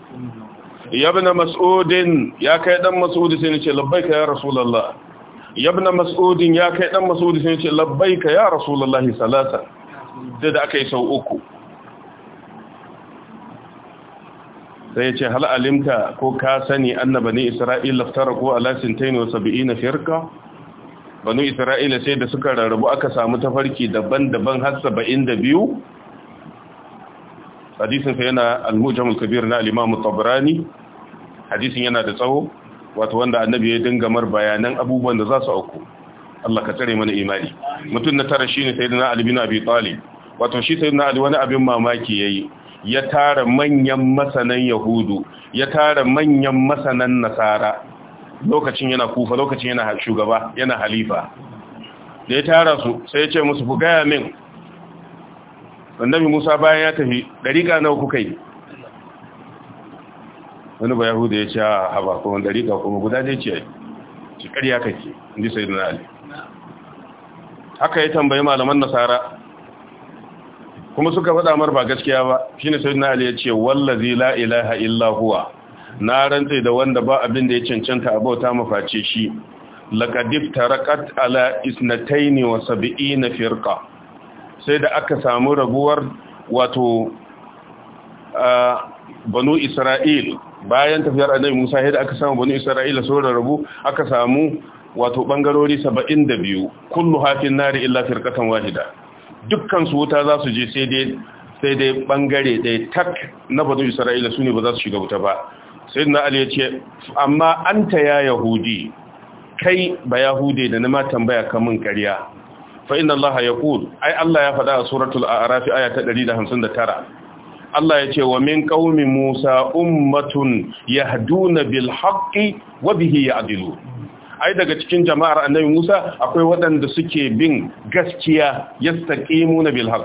ya ibn mas'udin ya kai dan mas'ud sai na ce labbaika ya rasulullah yabna mas'udin ya kai dan mas'udi sai ce labbaika ya rasulullahi salata sai da aka yi sau uku sai ya ce hal alimta ko ka sani annaba ne isra'ila laftara ala sintain firqa Bani isra'ila sai da suka rarrabu aka samu tafarki daban-daban har 72 hadisin sa yana al-mujam al-kabir na al-imam at-tabrani hadisin yana da tsawo wato wanda annabi ya dinga mar bayanan abubuwan da za su auku Allah ka tsare mana imani mutum na tara shine sayyidina Ali bin Abi Talib wato shi sayyidina Ali wani abin mamaki yayi ya tara manyan masanan Yahudu ya tara manyan masanan Nasara lokacin yana kufa lokacin yana shugaba yana halifa da ya tara su sai ya ce musu ku gaya min annabi Musa bayan ya tafi dariƙa nawa kuka yi wani ba yahuda ya ce a ah, haba kuma dariƙa kuma guda dai ce ci ƙarya kake inji sai ali haka ya tambayi malaman nasara kuma suka faɗa mar ba gaskiya ba shine sai duna ali ya ce wallazi la ilaha illa huwa na rantse da wanda ba abin da ya cancanta bauta maface shi laqadif tarakat ala isnatayn wa sab'ina firqa sai da aka samu raguwar wato ah, banu isra'il bayan tafiyar annabi Musa yadda aka samu bani Isra'ila sun rabu aka samu wato bangarori 72 kullu hafin nari illa firqatan wahida dukkan su wuta za su je sai dai sai dai bangare dai tak na bani Isra'ila su ne ba za su shiga wuta ba sayyidina Ali ya ce amma anta ya yahudi kai ba yahudi da na ma tambaya kamun karya? fa inna Allah kul ai Allah ya faɗa a suratul a'raf aya ta 159 Allah ya ce wa min qaumi Musa ummatun yahduna bil haqqi wa bihi ya'dilu ai daga cikin jama'ar Annabi Musa akwai waɗanda suke bin gaskiya yastaqimuna bil bilhak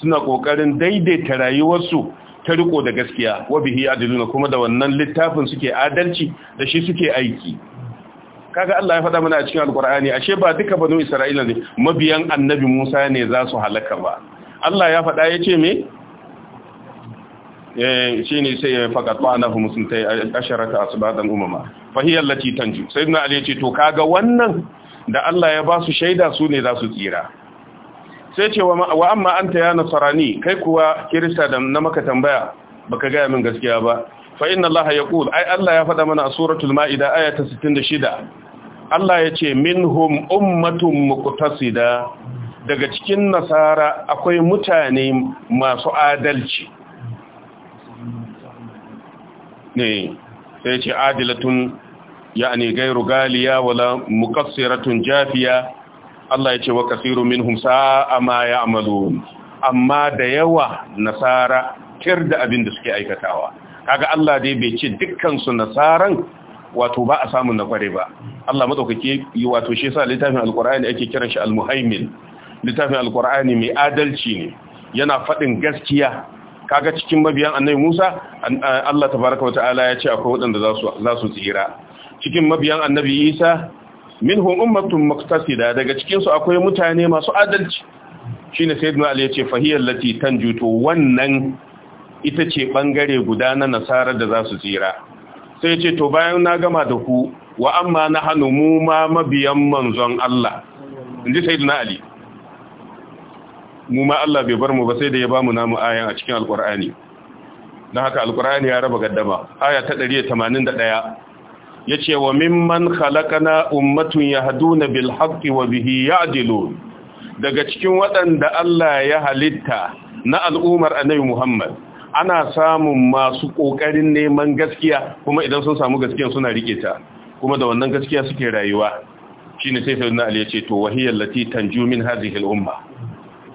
suna ƙoƙarin daidaita rayuwarsu ta riko da gaskiya wa bihi ya'diluna kuma da wannan littafin suke adalci da shi suke aiki kaga Allah ya faɗa mana a cikin alkur'ani ashe ba duka banu Isra'ila ne mabiyan annabi Musa ne za su halaka ba Allah ya faɗa ya ce me Eh, shi ne sai ya faƙa tsanahu musultai asharata asbatan umama fahiyar lati tanju sai na ali ce to kaga wannan da Allah ya ba su shaida su ne za su tsira sai ce wa amma anta ya nasara ni kai kuwa kirista da na maka tambaya baka gaya min gaskiya ba fa inna Allah ya qul ai Allah ya faɗa mana a suratul maida ayata 66 Allah ya ce minhum ummatun muqtasida daga cikin nasara akwai mutane masu adalci ne sai ce adilatun ne gairu galiya wala mukassiratun jafiya Allah ya ce wa kasiru minhum sa'a ma ya'malun amma da yawa nasara kir da abin da suke aikatawa kaga Allah dai bai ce dukkan nasaran wato ba a samu na kware ba Allah madaukake wato shi yasa littafin alqur'ani ake kiran shi al-muhaimin littafin alqur'ani mai adalci ne yana faɗin gaskiya kaga cikin mabiyan annabi Musa Allah tabaraka wa ta'ala ya ce akwai waɗanda za su za su tsira cikin mabiyan annabi Isa minhum ummatun muqtasida daga cikin su akwai mutane masu adalci shine sayyidina Ali ya ce fahiyal lati tanjutu wannan ita ce bangare guda na nasarar da za su tsira sai ya ce to bayan na gama da ku wa amma na hannu mu ma mabiyan manzon Allah inji sayyidina Ali mu ma Allah bai bar mu ba sai da ya ba mu namu ayan a cikin alkur'ani don haka alkur'ani ya raba gaddama aya ta 181 yace wa mimman khalaqana ummatun yahduna na haqqi wa bihi ya'dilun daga cikin waɗanda Allah ya halitta na al'umar annabi Muhammad ana samun masu ƙoƙarin neman gaskiya kuma idan sun samu gaskiya suna rike ta kuma da wannan gaskiya suke rayuwa shine sai sayyidina Ali ya ce to wahiyallati tanju min hadhihi umma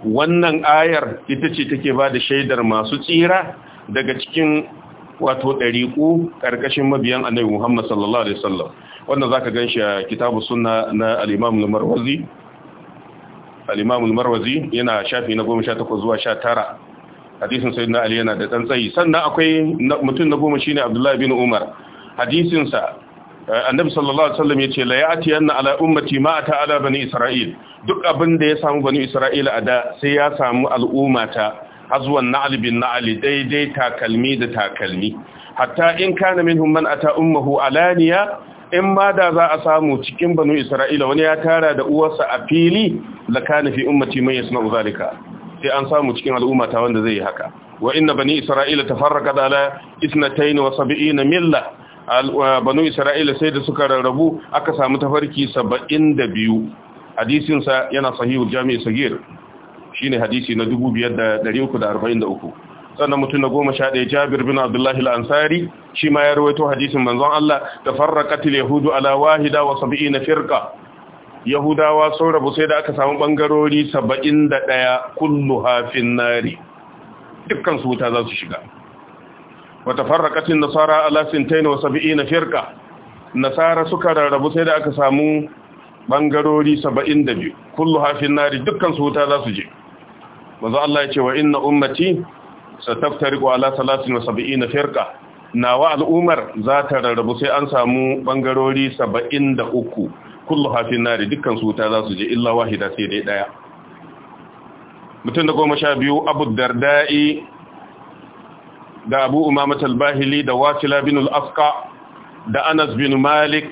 wannan ayar ita ce take ba da shaidar masu tsira daga cikin wato ɗariƙo ƙarƙashin mabiyan annabi Muhammad sallallahu alaihi wasallam wannan gan ganshi a kitabu suna na alimamul marwazi yana shafi na 18 zuwa 19 hadisin sai na yana da tsayi sannan akwai mutum na goma shine Abdullahi bin Umar hadisinsa. Eh, annabi sallallahu alaihi wasallam yace la ya'ti anna ala ummati ma ata ala bani isra'il duk abin da ya samu bani isra'ila a da sai ya samu al'ummata azwan na'al bin na'al daidai takalmi da takalmi hatta in kana minhum man ata ummuhu alaniya in ma da za a samu cikin banu isra'ila wani ya tara da uwarsa a fili la kana fi ummati man yasna'u zalika sai an samu cikin al'ummata wanda zai yi haka wa inna bani isra'ila tafarraqat ala 72 milla banu isra'ila sai da suka rarrabu aka samu tafarki saba'in da biyu hadisinsa yana sahihul jami'i sagir shine hadisi na dubu biyar da da uku. sannan mutum na goma sha ɗaya jabir bin abdullahi al'ansari shi ma ya rawaito hadisin manzon Allah da farraƙatil yahudu ala wahida wa saba'i na yahudawa sun rabu sai da aka samu ɓangarori saba'in da ɗaya kullu hafin nari dukkan su wuta za su shiga وتفرقت النصارى على 72 فرقة nasara suka rarrabu sai da aka samu bangarori 72 kullu hafin nari dukkan su wuta za su je manzo Allah ya ce wa inna ummati sataftariqu ala 73 firqa nawa al'umar za ta rarrabu sai an samu bangarori 73 kullu hafin nari dukkan su wuta za su je illa wahida sai dai daya mutum da goma sha biyu abu dardai da abu umama al-bahili da wasila bin al-asqa da anas bin malik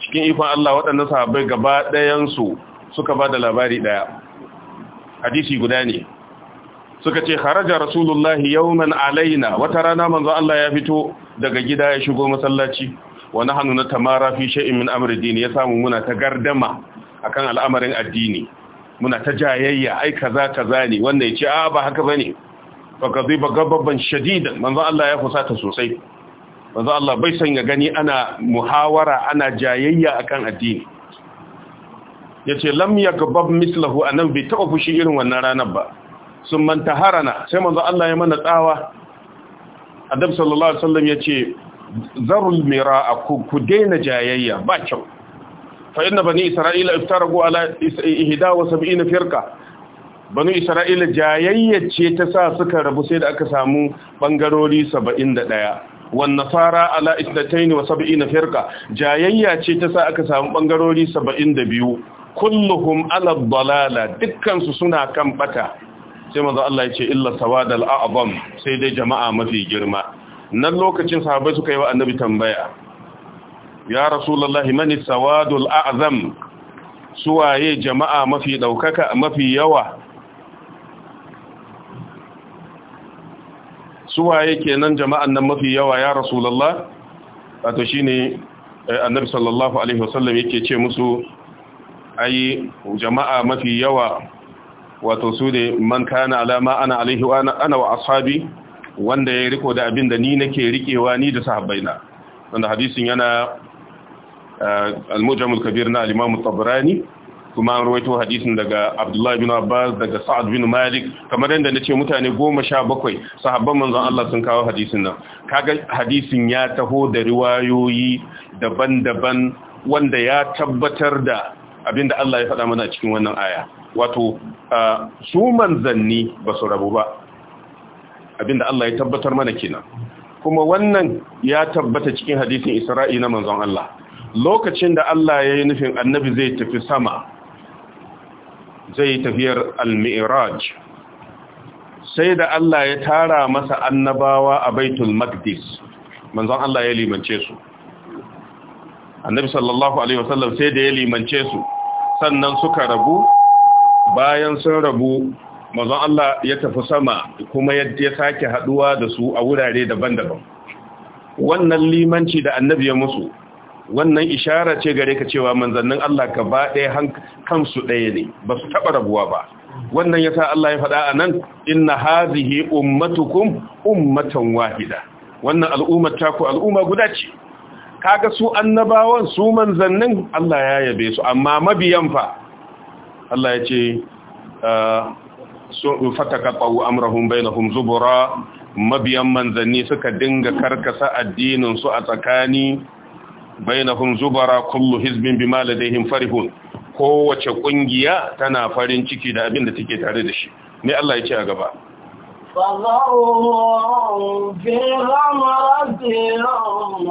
cikin ikon Allah waɗannan sahabbai gaba ɗayansu suka ba da labari ɗaya hadisi guda ne suka ce haraja rasulullahi yawman alaina wata rana manzo Allah ya fito daga gida ya shigo masallaci wa nahnu natamara fi shay'in min amri dini ya samu muna ta gardama akan al'amarin addini muna ta jayayya ai kaza kaza ne wanda ya ce a ba haka bane فغضب غضبا شديدا منذ Allah ya fusata sosai manzo Allah bai son ya gani ana muhawara ana jayayya akan addini yace lam yakbab mislahu anan bai taba fushi irin wannan ranar ba sun manta harana sai manzo Allah ya mana tsawa Adam sallallahu alaihi wasallam yace zarul mira'a ku daina jayayya ba kyau fa inna bani isra'ila iftaragu ala 71 firqa banu isra'ila jayayyace ta sa suka rabu sai da aka samu bangarori 71 wan nasara ala 72 firqa jayayya ce ta sa aka samu bangarori 72 kulluhum ala dalala dukkan su suna kan bata sai manzo Allah ya ce illa sawadal a'zam sai dai jama'a mafi girma nan lokacin sahabbai suka yi wa annabi tambaya ya rasulullahi mani sawadul a'zam suwaye jama'a mafi ɗaukaka, mafi yawa suwaye kenan jama'an nan mafi yawa ya rasulullah wato ne eh, annabi sallallahu alaihi wasallam yake ce musu ayi jama'a mafi yawa wato su ne man kana alama ana alaihi wa ana wa ashabi wanda ya riko da abin da ni nake rikewa ni da na wanda hadisin yana eh, al-mujamul kabir na al-imam at-tabrani kuma an rawaito hadisin daga Abdullah bin Abbas daga Sa'ad bin Malik kamar yadda ce mutane goma sha 17 sahabban manzon Allah sun kawo hadisin nan kaga hadisin ya taho da riwayoyi daban-daban wanda ya tabbatar da abinda Allah ya faɗa mana cikin wannan aya wato su manzanni ba su rabu ba abinda Allah ya tabbatar mana kenan kuma wannan ya tabbata cikin hadisin Isra'i na manzon Allah lokacin da Allah ya yi nufin annabi zai tafi sama zai yi tafiyar al-mi'raj sai da Allah ya tara masa annabawa a baitul maqdis manzon Allah ya limance su annabi sallallahu alaihi wasallam sai da ya limance su sannan suka rabu bayan sun rabu manzon Allah ya tafi sama kuma ya sake haduwa da su a wurare daban-daban wannan limanci da annabi ya musu wannan ishara ce gare ka cewa manzannin Allah ka ba ɗaya hankansu ɗaya ne ba su taɓa rabuwa ba wannan ya sa Allah ya faɗa a nan inna hazihi ummatukum ummatan wahida wannan al'ummar taku al'umma guda ce kaga su annabawan su manzannin Allah ya yabe su amma mabiyan fa Allah ya ce ah, su fataqatu amrahum bainahum zubura mabiyan manzanni suka dinga karkasa addinin su a tsakani bainahum zubara kullu hizbin bima ladayhim farihun kowace kungiya tana farin ciki da abin da take tare da shi ne Allah ya ce a gaba فَذَرُهُمْ فِي غَمْرَتِهِمْ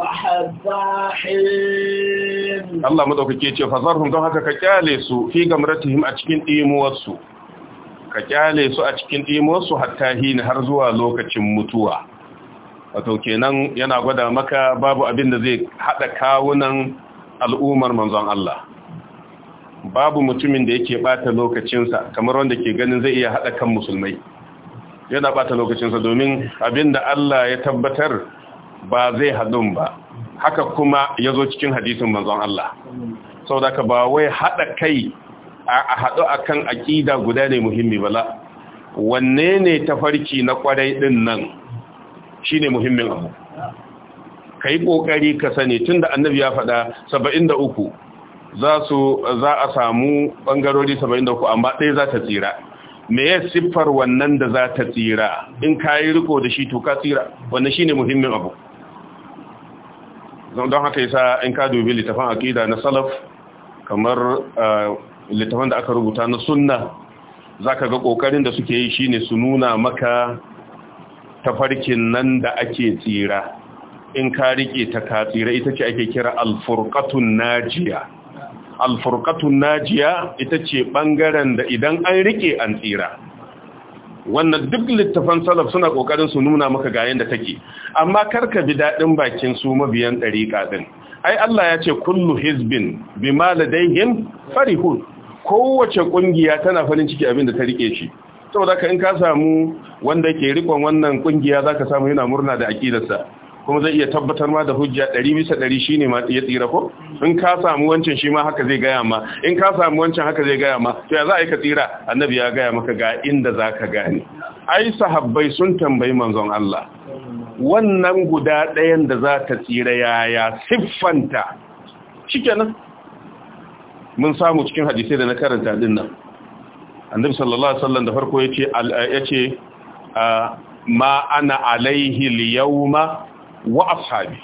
حَتَّى حِينٍ Allah madaukake ce fazarhum don haka ka kyale su fi gamratihim a cikin dimuwar su ka kyale su a cikin dimuwar su hatta hin har zuwa lokacin mutuwa wato kenan yana gwada maka babu abin da zai hada kawunan al'ummar manzon Allah babu mutumin da yake bata lokacinsa kamar wanda ke ganin zai iya hada kan musulmai yana bata lokacinsa domin abin da Allah ya tabbatar ba zai hadun ba haka kuma ya zo cikin hadisin manzon Allah sau da ka ba wai hada kai a hadu akan aƙida guda ne muhimmi bala wanne ne tafarki na kwarai din nan Shi ne muhimmin abu Ka yi ƙoƙari ka sani tun da annabi ya faɗa 73 za uku, za a samu da 73 amma ɗaya za ta tsira me ya siffar wannan da za ta tsira in ka yi riko da shi to ka tsira wannan ne muhimmin abu don haka yasa in ka dubi littafin aƙida na salaf kamar eh, littafin da aka rubuta na sunna zaka ga ƙoƙarin da suke yi shi ne su nuna maka Ta farkin nan da ake tsira in ka rike ta ka tsira ita ce ake kira alfurqatun najiya na najiya ita ce bangaren da idan an rike an tsira wannan duk littafan salaf suna kokarin su nuna maka ga yanda take amma karka bi dadin bakin su mabiyan dariqa din ai Allah ya ce kullu hizbin bima ladaihim farihun kowace kungiya tana farin ciki abin da ta rike shi saboda ka in ka samu wanda ke rikon wannan kungiya zaka samu yana murna da aqidarsa kuma zai iya tabbatar ma da hujja 100 bisa 100 shine ma ya tsira ko in ka samu wancan shi ma haka zai gaya ma in ka samu wancan haka zai gaya ma to ya za a yi ka tsira annabi ya gaya maka ga inda zaka gane ai sahabbai sun tambayi manzon Allah wannan guda ɗayan da za ta tsira ya ya siffanta shikenan mun samu cikin hadisai da na karanta dinnan. annabi sallallahu alaihi wasallam da farko yace eh, yace ah, ma ana alaihi al wa ashabi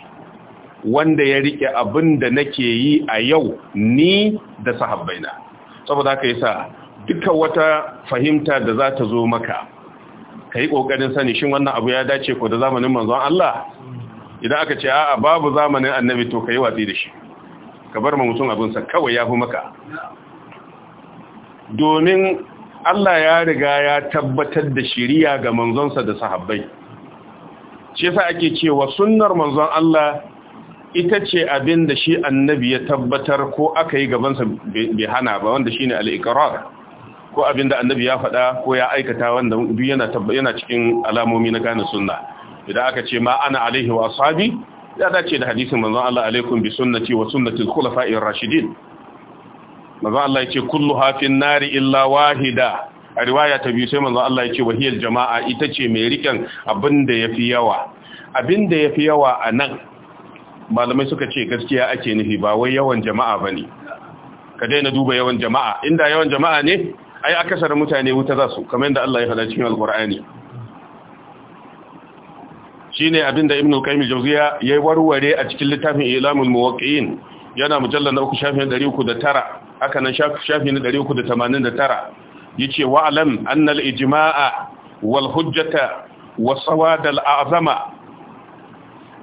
wanda ya rike abin da nake yi a yau ni da sahabbaina saboda haka yasa duka wata fahimta da za ta zo maka kai kokarin sani shin wannan abu ya dace ko da zamanin manzon Allah idan aka ce a'a babu zamanin annabi to kai watsi da shi ka bar mutum abin sa kawai yafi maka domin Allah ya riga ya tabbatar da shiriya ga manzonsa da sahabbai shi yasa ake cewa sunnar manzon Allah ita ce abin da shi annabi ya tabbatar ko aka yi gabansa bai hana ba wanda shine al-iqrar ko abin da annabi ya faɗa ko ya aikata wanda duk yana cikin alamomi na gane sunna idan aka ce ma ana alaihi wa ashabi ya dace da hadisin manzon Allah alaikum bi sunnati wa sunnati al-khulafa'ir rashidin manzo Allah yake kullu hafin nari illa wahida a riwaya ta biyu sai manzo Allah yake wahiyal wahiyar jama'a ita ce mai riken abinda yafi yawa Abinda yafi yawa a nan malamai suka ce gaskiya ake nufi ba wai yawan jama'a bane ka daina duba yawan jama'a inda yawan jama'a ne ai akasar mutane wuta za su kamar yadda Allah ya faɗa cikin alqur'ani shine abinda ibn al-qayyim jawziya yayi warware a cikin littafin ilamul muwaqqi'in yana mujallal na uku shafin 309 aka nan shafi na 389 yace wa alam anna al ijma'a wal hujjata was sawad al a'zama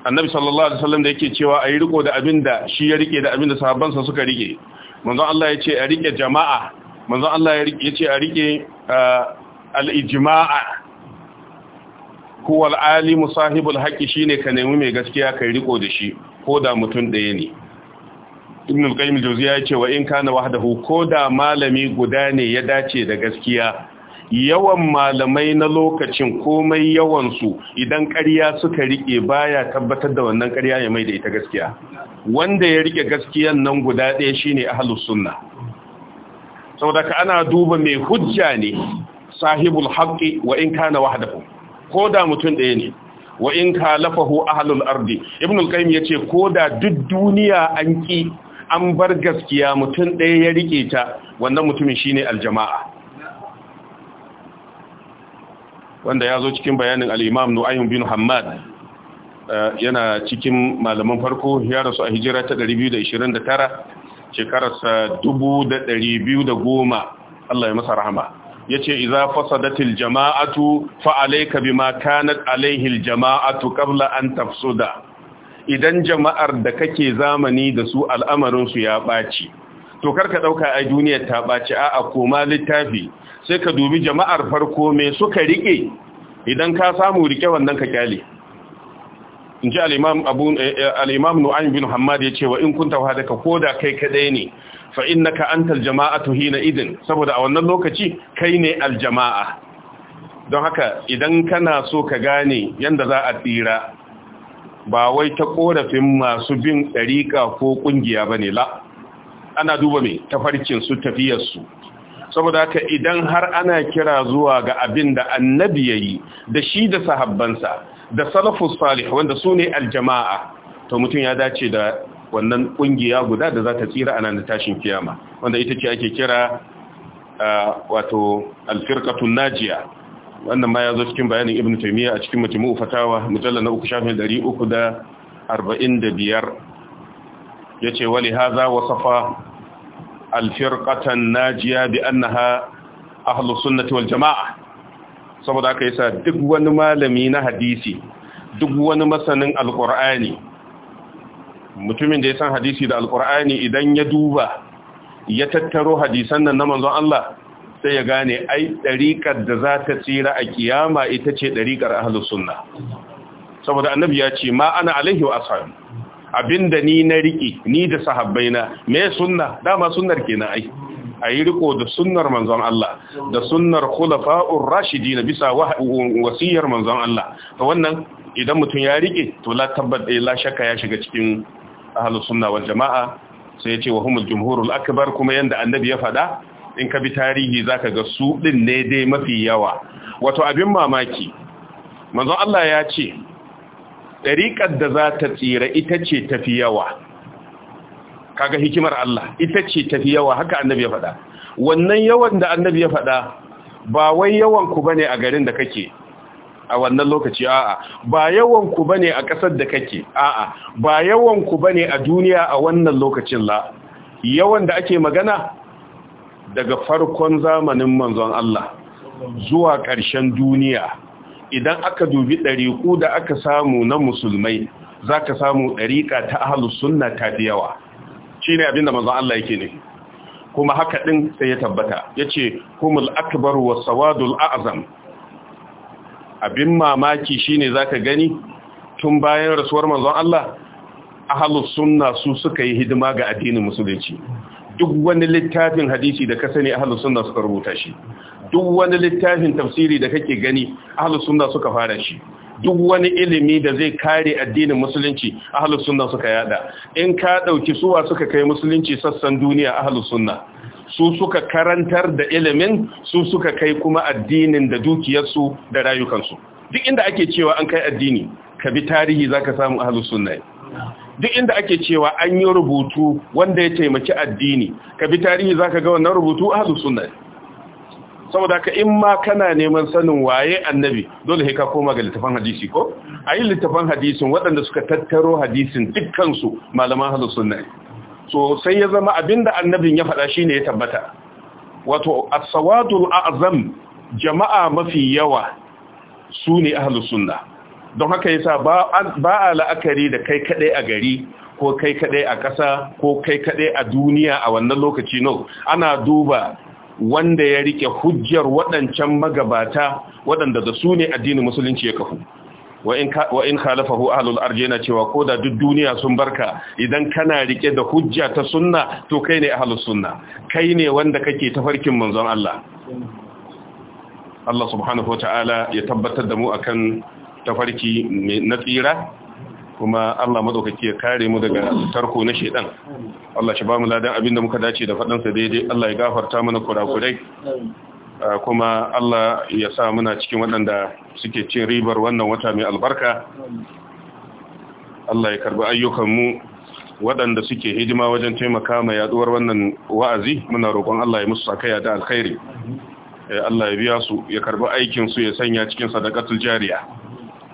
annabi sallallahu alaihi wasallam da yake cewa ayi riko da abinda shi ya rike da abinda sahabbansa suka rike manzon Allah yace a rike jama'a manzon Allah yace a rike al ijma'a huwa al alimu sahibul haqqi shine ka nemi mai gaskiya kai riko da shi ko da mutum ɗaya ne ibn al-qayyim al-jawziya yace wa in kana wahdahu da malami guda ne ya dace da gaskiya yawan malamai na lokacin komai yawan su idan ƙarya suka rike baya tabbatar da wannan ƙarya ya mai da ita gaskiya wanda ya rike gaskiyan nan guda ɗaya shine ahlus sunna saboda ka ana duba mai hujja ne sahibul haqqi wa in kana wahdahu da mutum ɗaya ne wa in kalafahu ahlul ardi ibn al-qayyim yace da duk duniya an ki an bar gaskiya mutum ɗaya ya rike ta wannan mutumin shine aljama'a wanda ya zo cikin bayanin al'imam nu'ayin bin hamad eh, yana cikin malaman farko ya rasu a hijira ta 229 shekararsa 210 Allah ya masa rahama ya ce iza fasadatil jama'atu ka fa'alaika ma kanat alaihil jama'atu ƙabla an tafsuda idan jama'ar da kake zamani da su al'amarinsu ya ɓaci to karka ɗauka a duniyar ta ɓaci a koma littafi sai ka dubi jama'ar farko mai suka riƙe idan ka samu riƙe wannan ka kyale in ji al'imam eh, eh, nu'ayin bin hamad ya ce wa in kun tawa daga ko da kai kaɗai ne fa inna ka jama'a taljama'a tuhina idin saboda a wannan lokaci kai ne aljama'a don haka idan kana so ka gane yadda za a tsira ba wai ta korafin masu bin ɗariƙa ko ƙungiya ba ne la ana duba mai tafarkinsu tafiyarsu saboda haka idan har ana kira zuwa ga abin da annabi ya yi da shi da sahabbansa da salafus salih wanda su ne aljama'a to mutum ya dace da wannan ƙungiya guda da za ta tsira ana da tashin kiyama wanda ita ce ake kira wato alfirkatun najiya wannan ma ya zo cikin bayanin ibn taymiya a cikin majmu'u fatawa mujalla na uku shafin 345 yace wali hadha wasafa al-firqatan najiya bi annaha ahlus sunnati wal jamaa saboda haka yasa duk wani malami na hadisi duk wani masanin alqur'ani mutumin da ya san hadisi da alqur'ani idan ya duba ya tattaro hadisan nan na manzon Allah sai ya gane ai ɗariƙar da za ta tsira a kiyama ita ce ɗariƙar ahalus sunna saboda annabi ya ce ma ana alaihi wa ashabi abinda ni na riki, ni da sahabbaina me sunna dama sunnar kenan ai ayi riko da sunnar manzon Allah da sunnar khulafa'ur rashidin bisa wasiyar manzon Allah to wannan idan mutum ya riƙe to la tabbata eh, la shakka ya shiga cikin ahlus sunna wal jamaa sai ya ce wa humul jumhurul akbar kuma yanda annabi ya faɗa in ka bi tarihi za ka ga su ɗin ne dai mafi yawa wato abin mamaki manzon Allah ya ce ɗariƙar da za ta tsira ita ce tafi yawa kaga hikimar Allah ita ce tafi yawa haka annabi ya faɗa wannan yawan da annabi ya faɗa ba wai yawan ku bane a garin da kake a wannan lokaci a'a ba yawan ku bane a ƙasar da kake a'a ba yawan ku bane a duniya a wannan lokacin la yawan da ake magana daga farkon zamanin manzon Allah zuwa ƙarshen duniya idan aka dubi ɗariƙu da aka samu na musulmai za ka samu ɗariƙa ta ahalus sunna ta da yawa shi ne abinda manzon Allah yake ne kuma haka ɗin sai ya tabbata ya ce humul akbar wa sawadul a'azam abin mamaki shi ne za ka gani tun bayan rasuwar manzon Allah ahalus sunna su suka yi hidima ga addinin musulunci duk wani littafin hadisi da ka sani ahlus sunna suka rubuta shi duk wani littafin tafsiri da kake gani ahlus sunna suka fara shi duk wani ilimi da zai kare addinin musulunci ahlus sunna suka yada in ka dauki suwa suka kai musulunci sassan duniya ahlus sunna su suka karantar da ilimin su suka kai kuma addinin da dukiyarsu da rayukansu duk inda ake cewa an kai addini ka bi tarihi zaka samu ahlus sunna duk inda ake cewa an yi rubutu wanda ya taimaki addini ka bi tarihi za ka ga wannan rubutu a ahlus suna saboda ka in ma kana neman sanin waye annabi dole ka koma ga littafan hadisi ko A yi littafan hadisin waɗanda suka tattaro hadisin dukkansu malaman ahlus suna so sai ya zama abinda annabin ya faɗa shine ya tabbata wato asawadul a'zam jama'a mafi yawa su ne ahlus sunna don haka yasa ba a la'akari da kai kadai a gari ko kai kadai a ƙasa ko kai kadai a duniya a wannan lokaci no ana duba wanda ya rike hujjar waɗancan magabata waɗanda da su ne addinin musulunci ya kafu wa in khalafahu ahlul ardi yana cewa ko da duk duniya sun barka idan kana rike da hujja ta sunna to kai ne ahlus sunna kai ne wanda kake tafarkin manzon Allah Allah subhanahu ta'ala ya tabbatar da mu akan tafarki na tsira kuma Allah madaukaki ya kare mu daga tarko na shaiɗan. Allah shi ba mu ladan abinda muka dace da faɗansa daidai Allah ya gafarta mana kurakurai ah, kuma Allah ya sa muna cikin waɗanda suke cin ribar wannan wata mai albarka Allah ya karbi ayyukanmu waɗanda suke hidima wajen taimaka mai yaduwar wannan wa'azi muna roƙon Allah ya musu sakaya da alkhairi eh, Allah ya biya su ya karbi aikinsu ya sanya cikin sadakatul jariya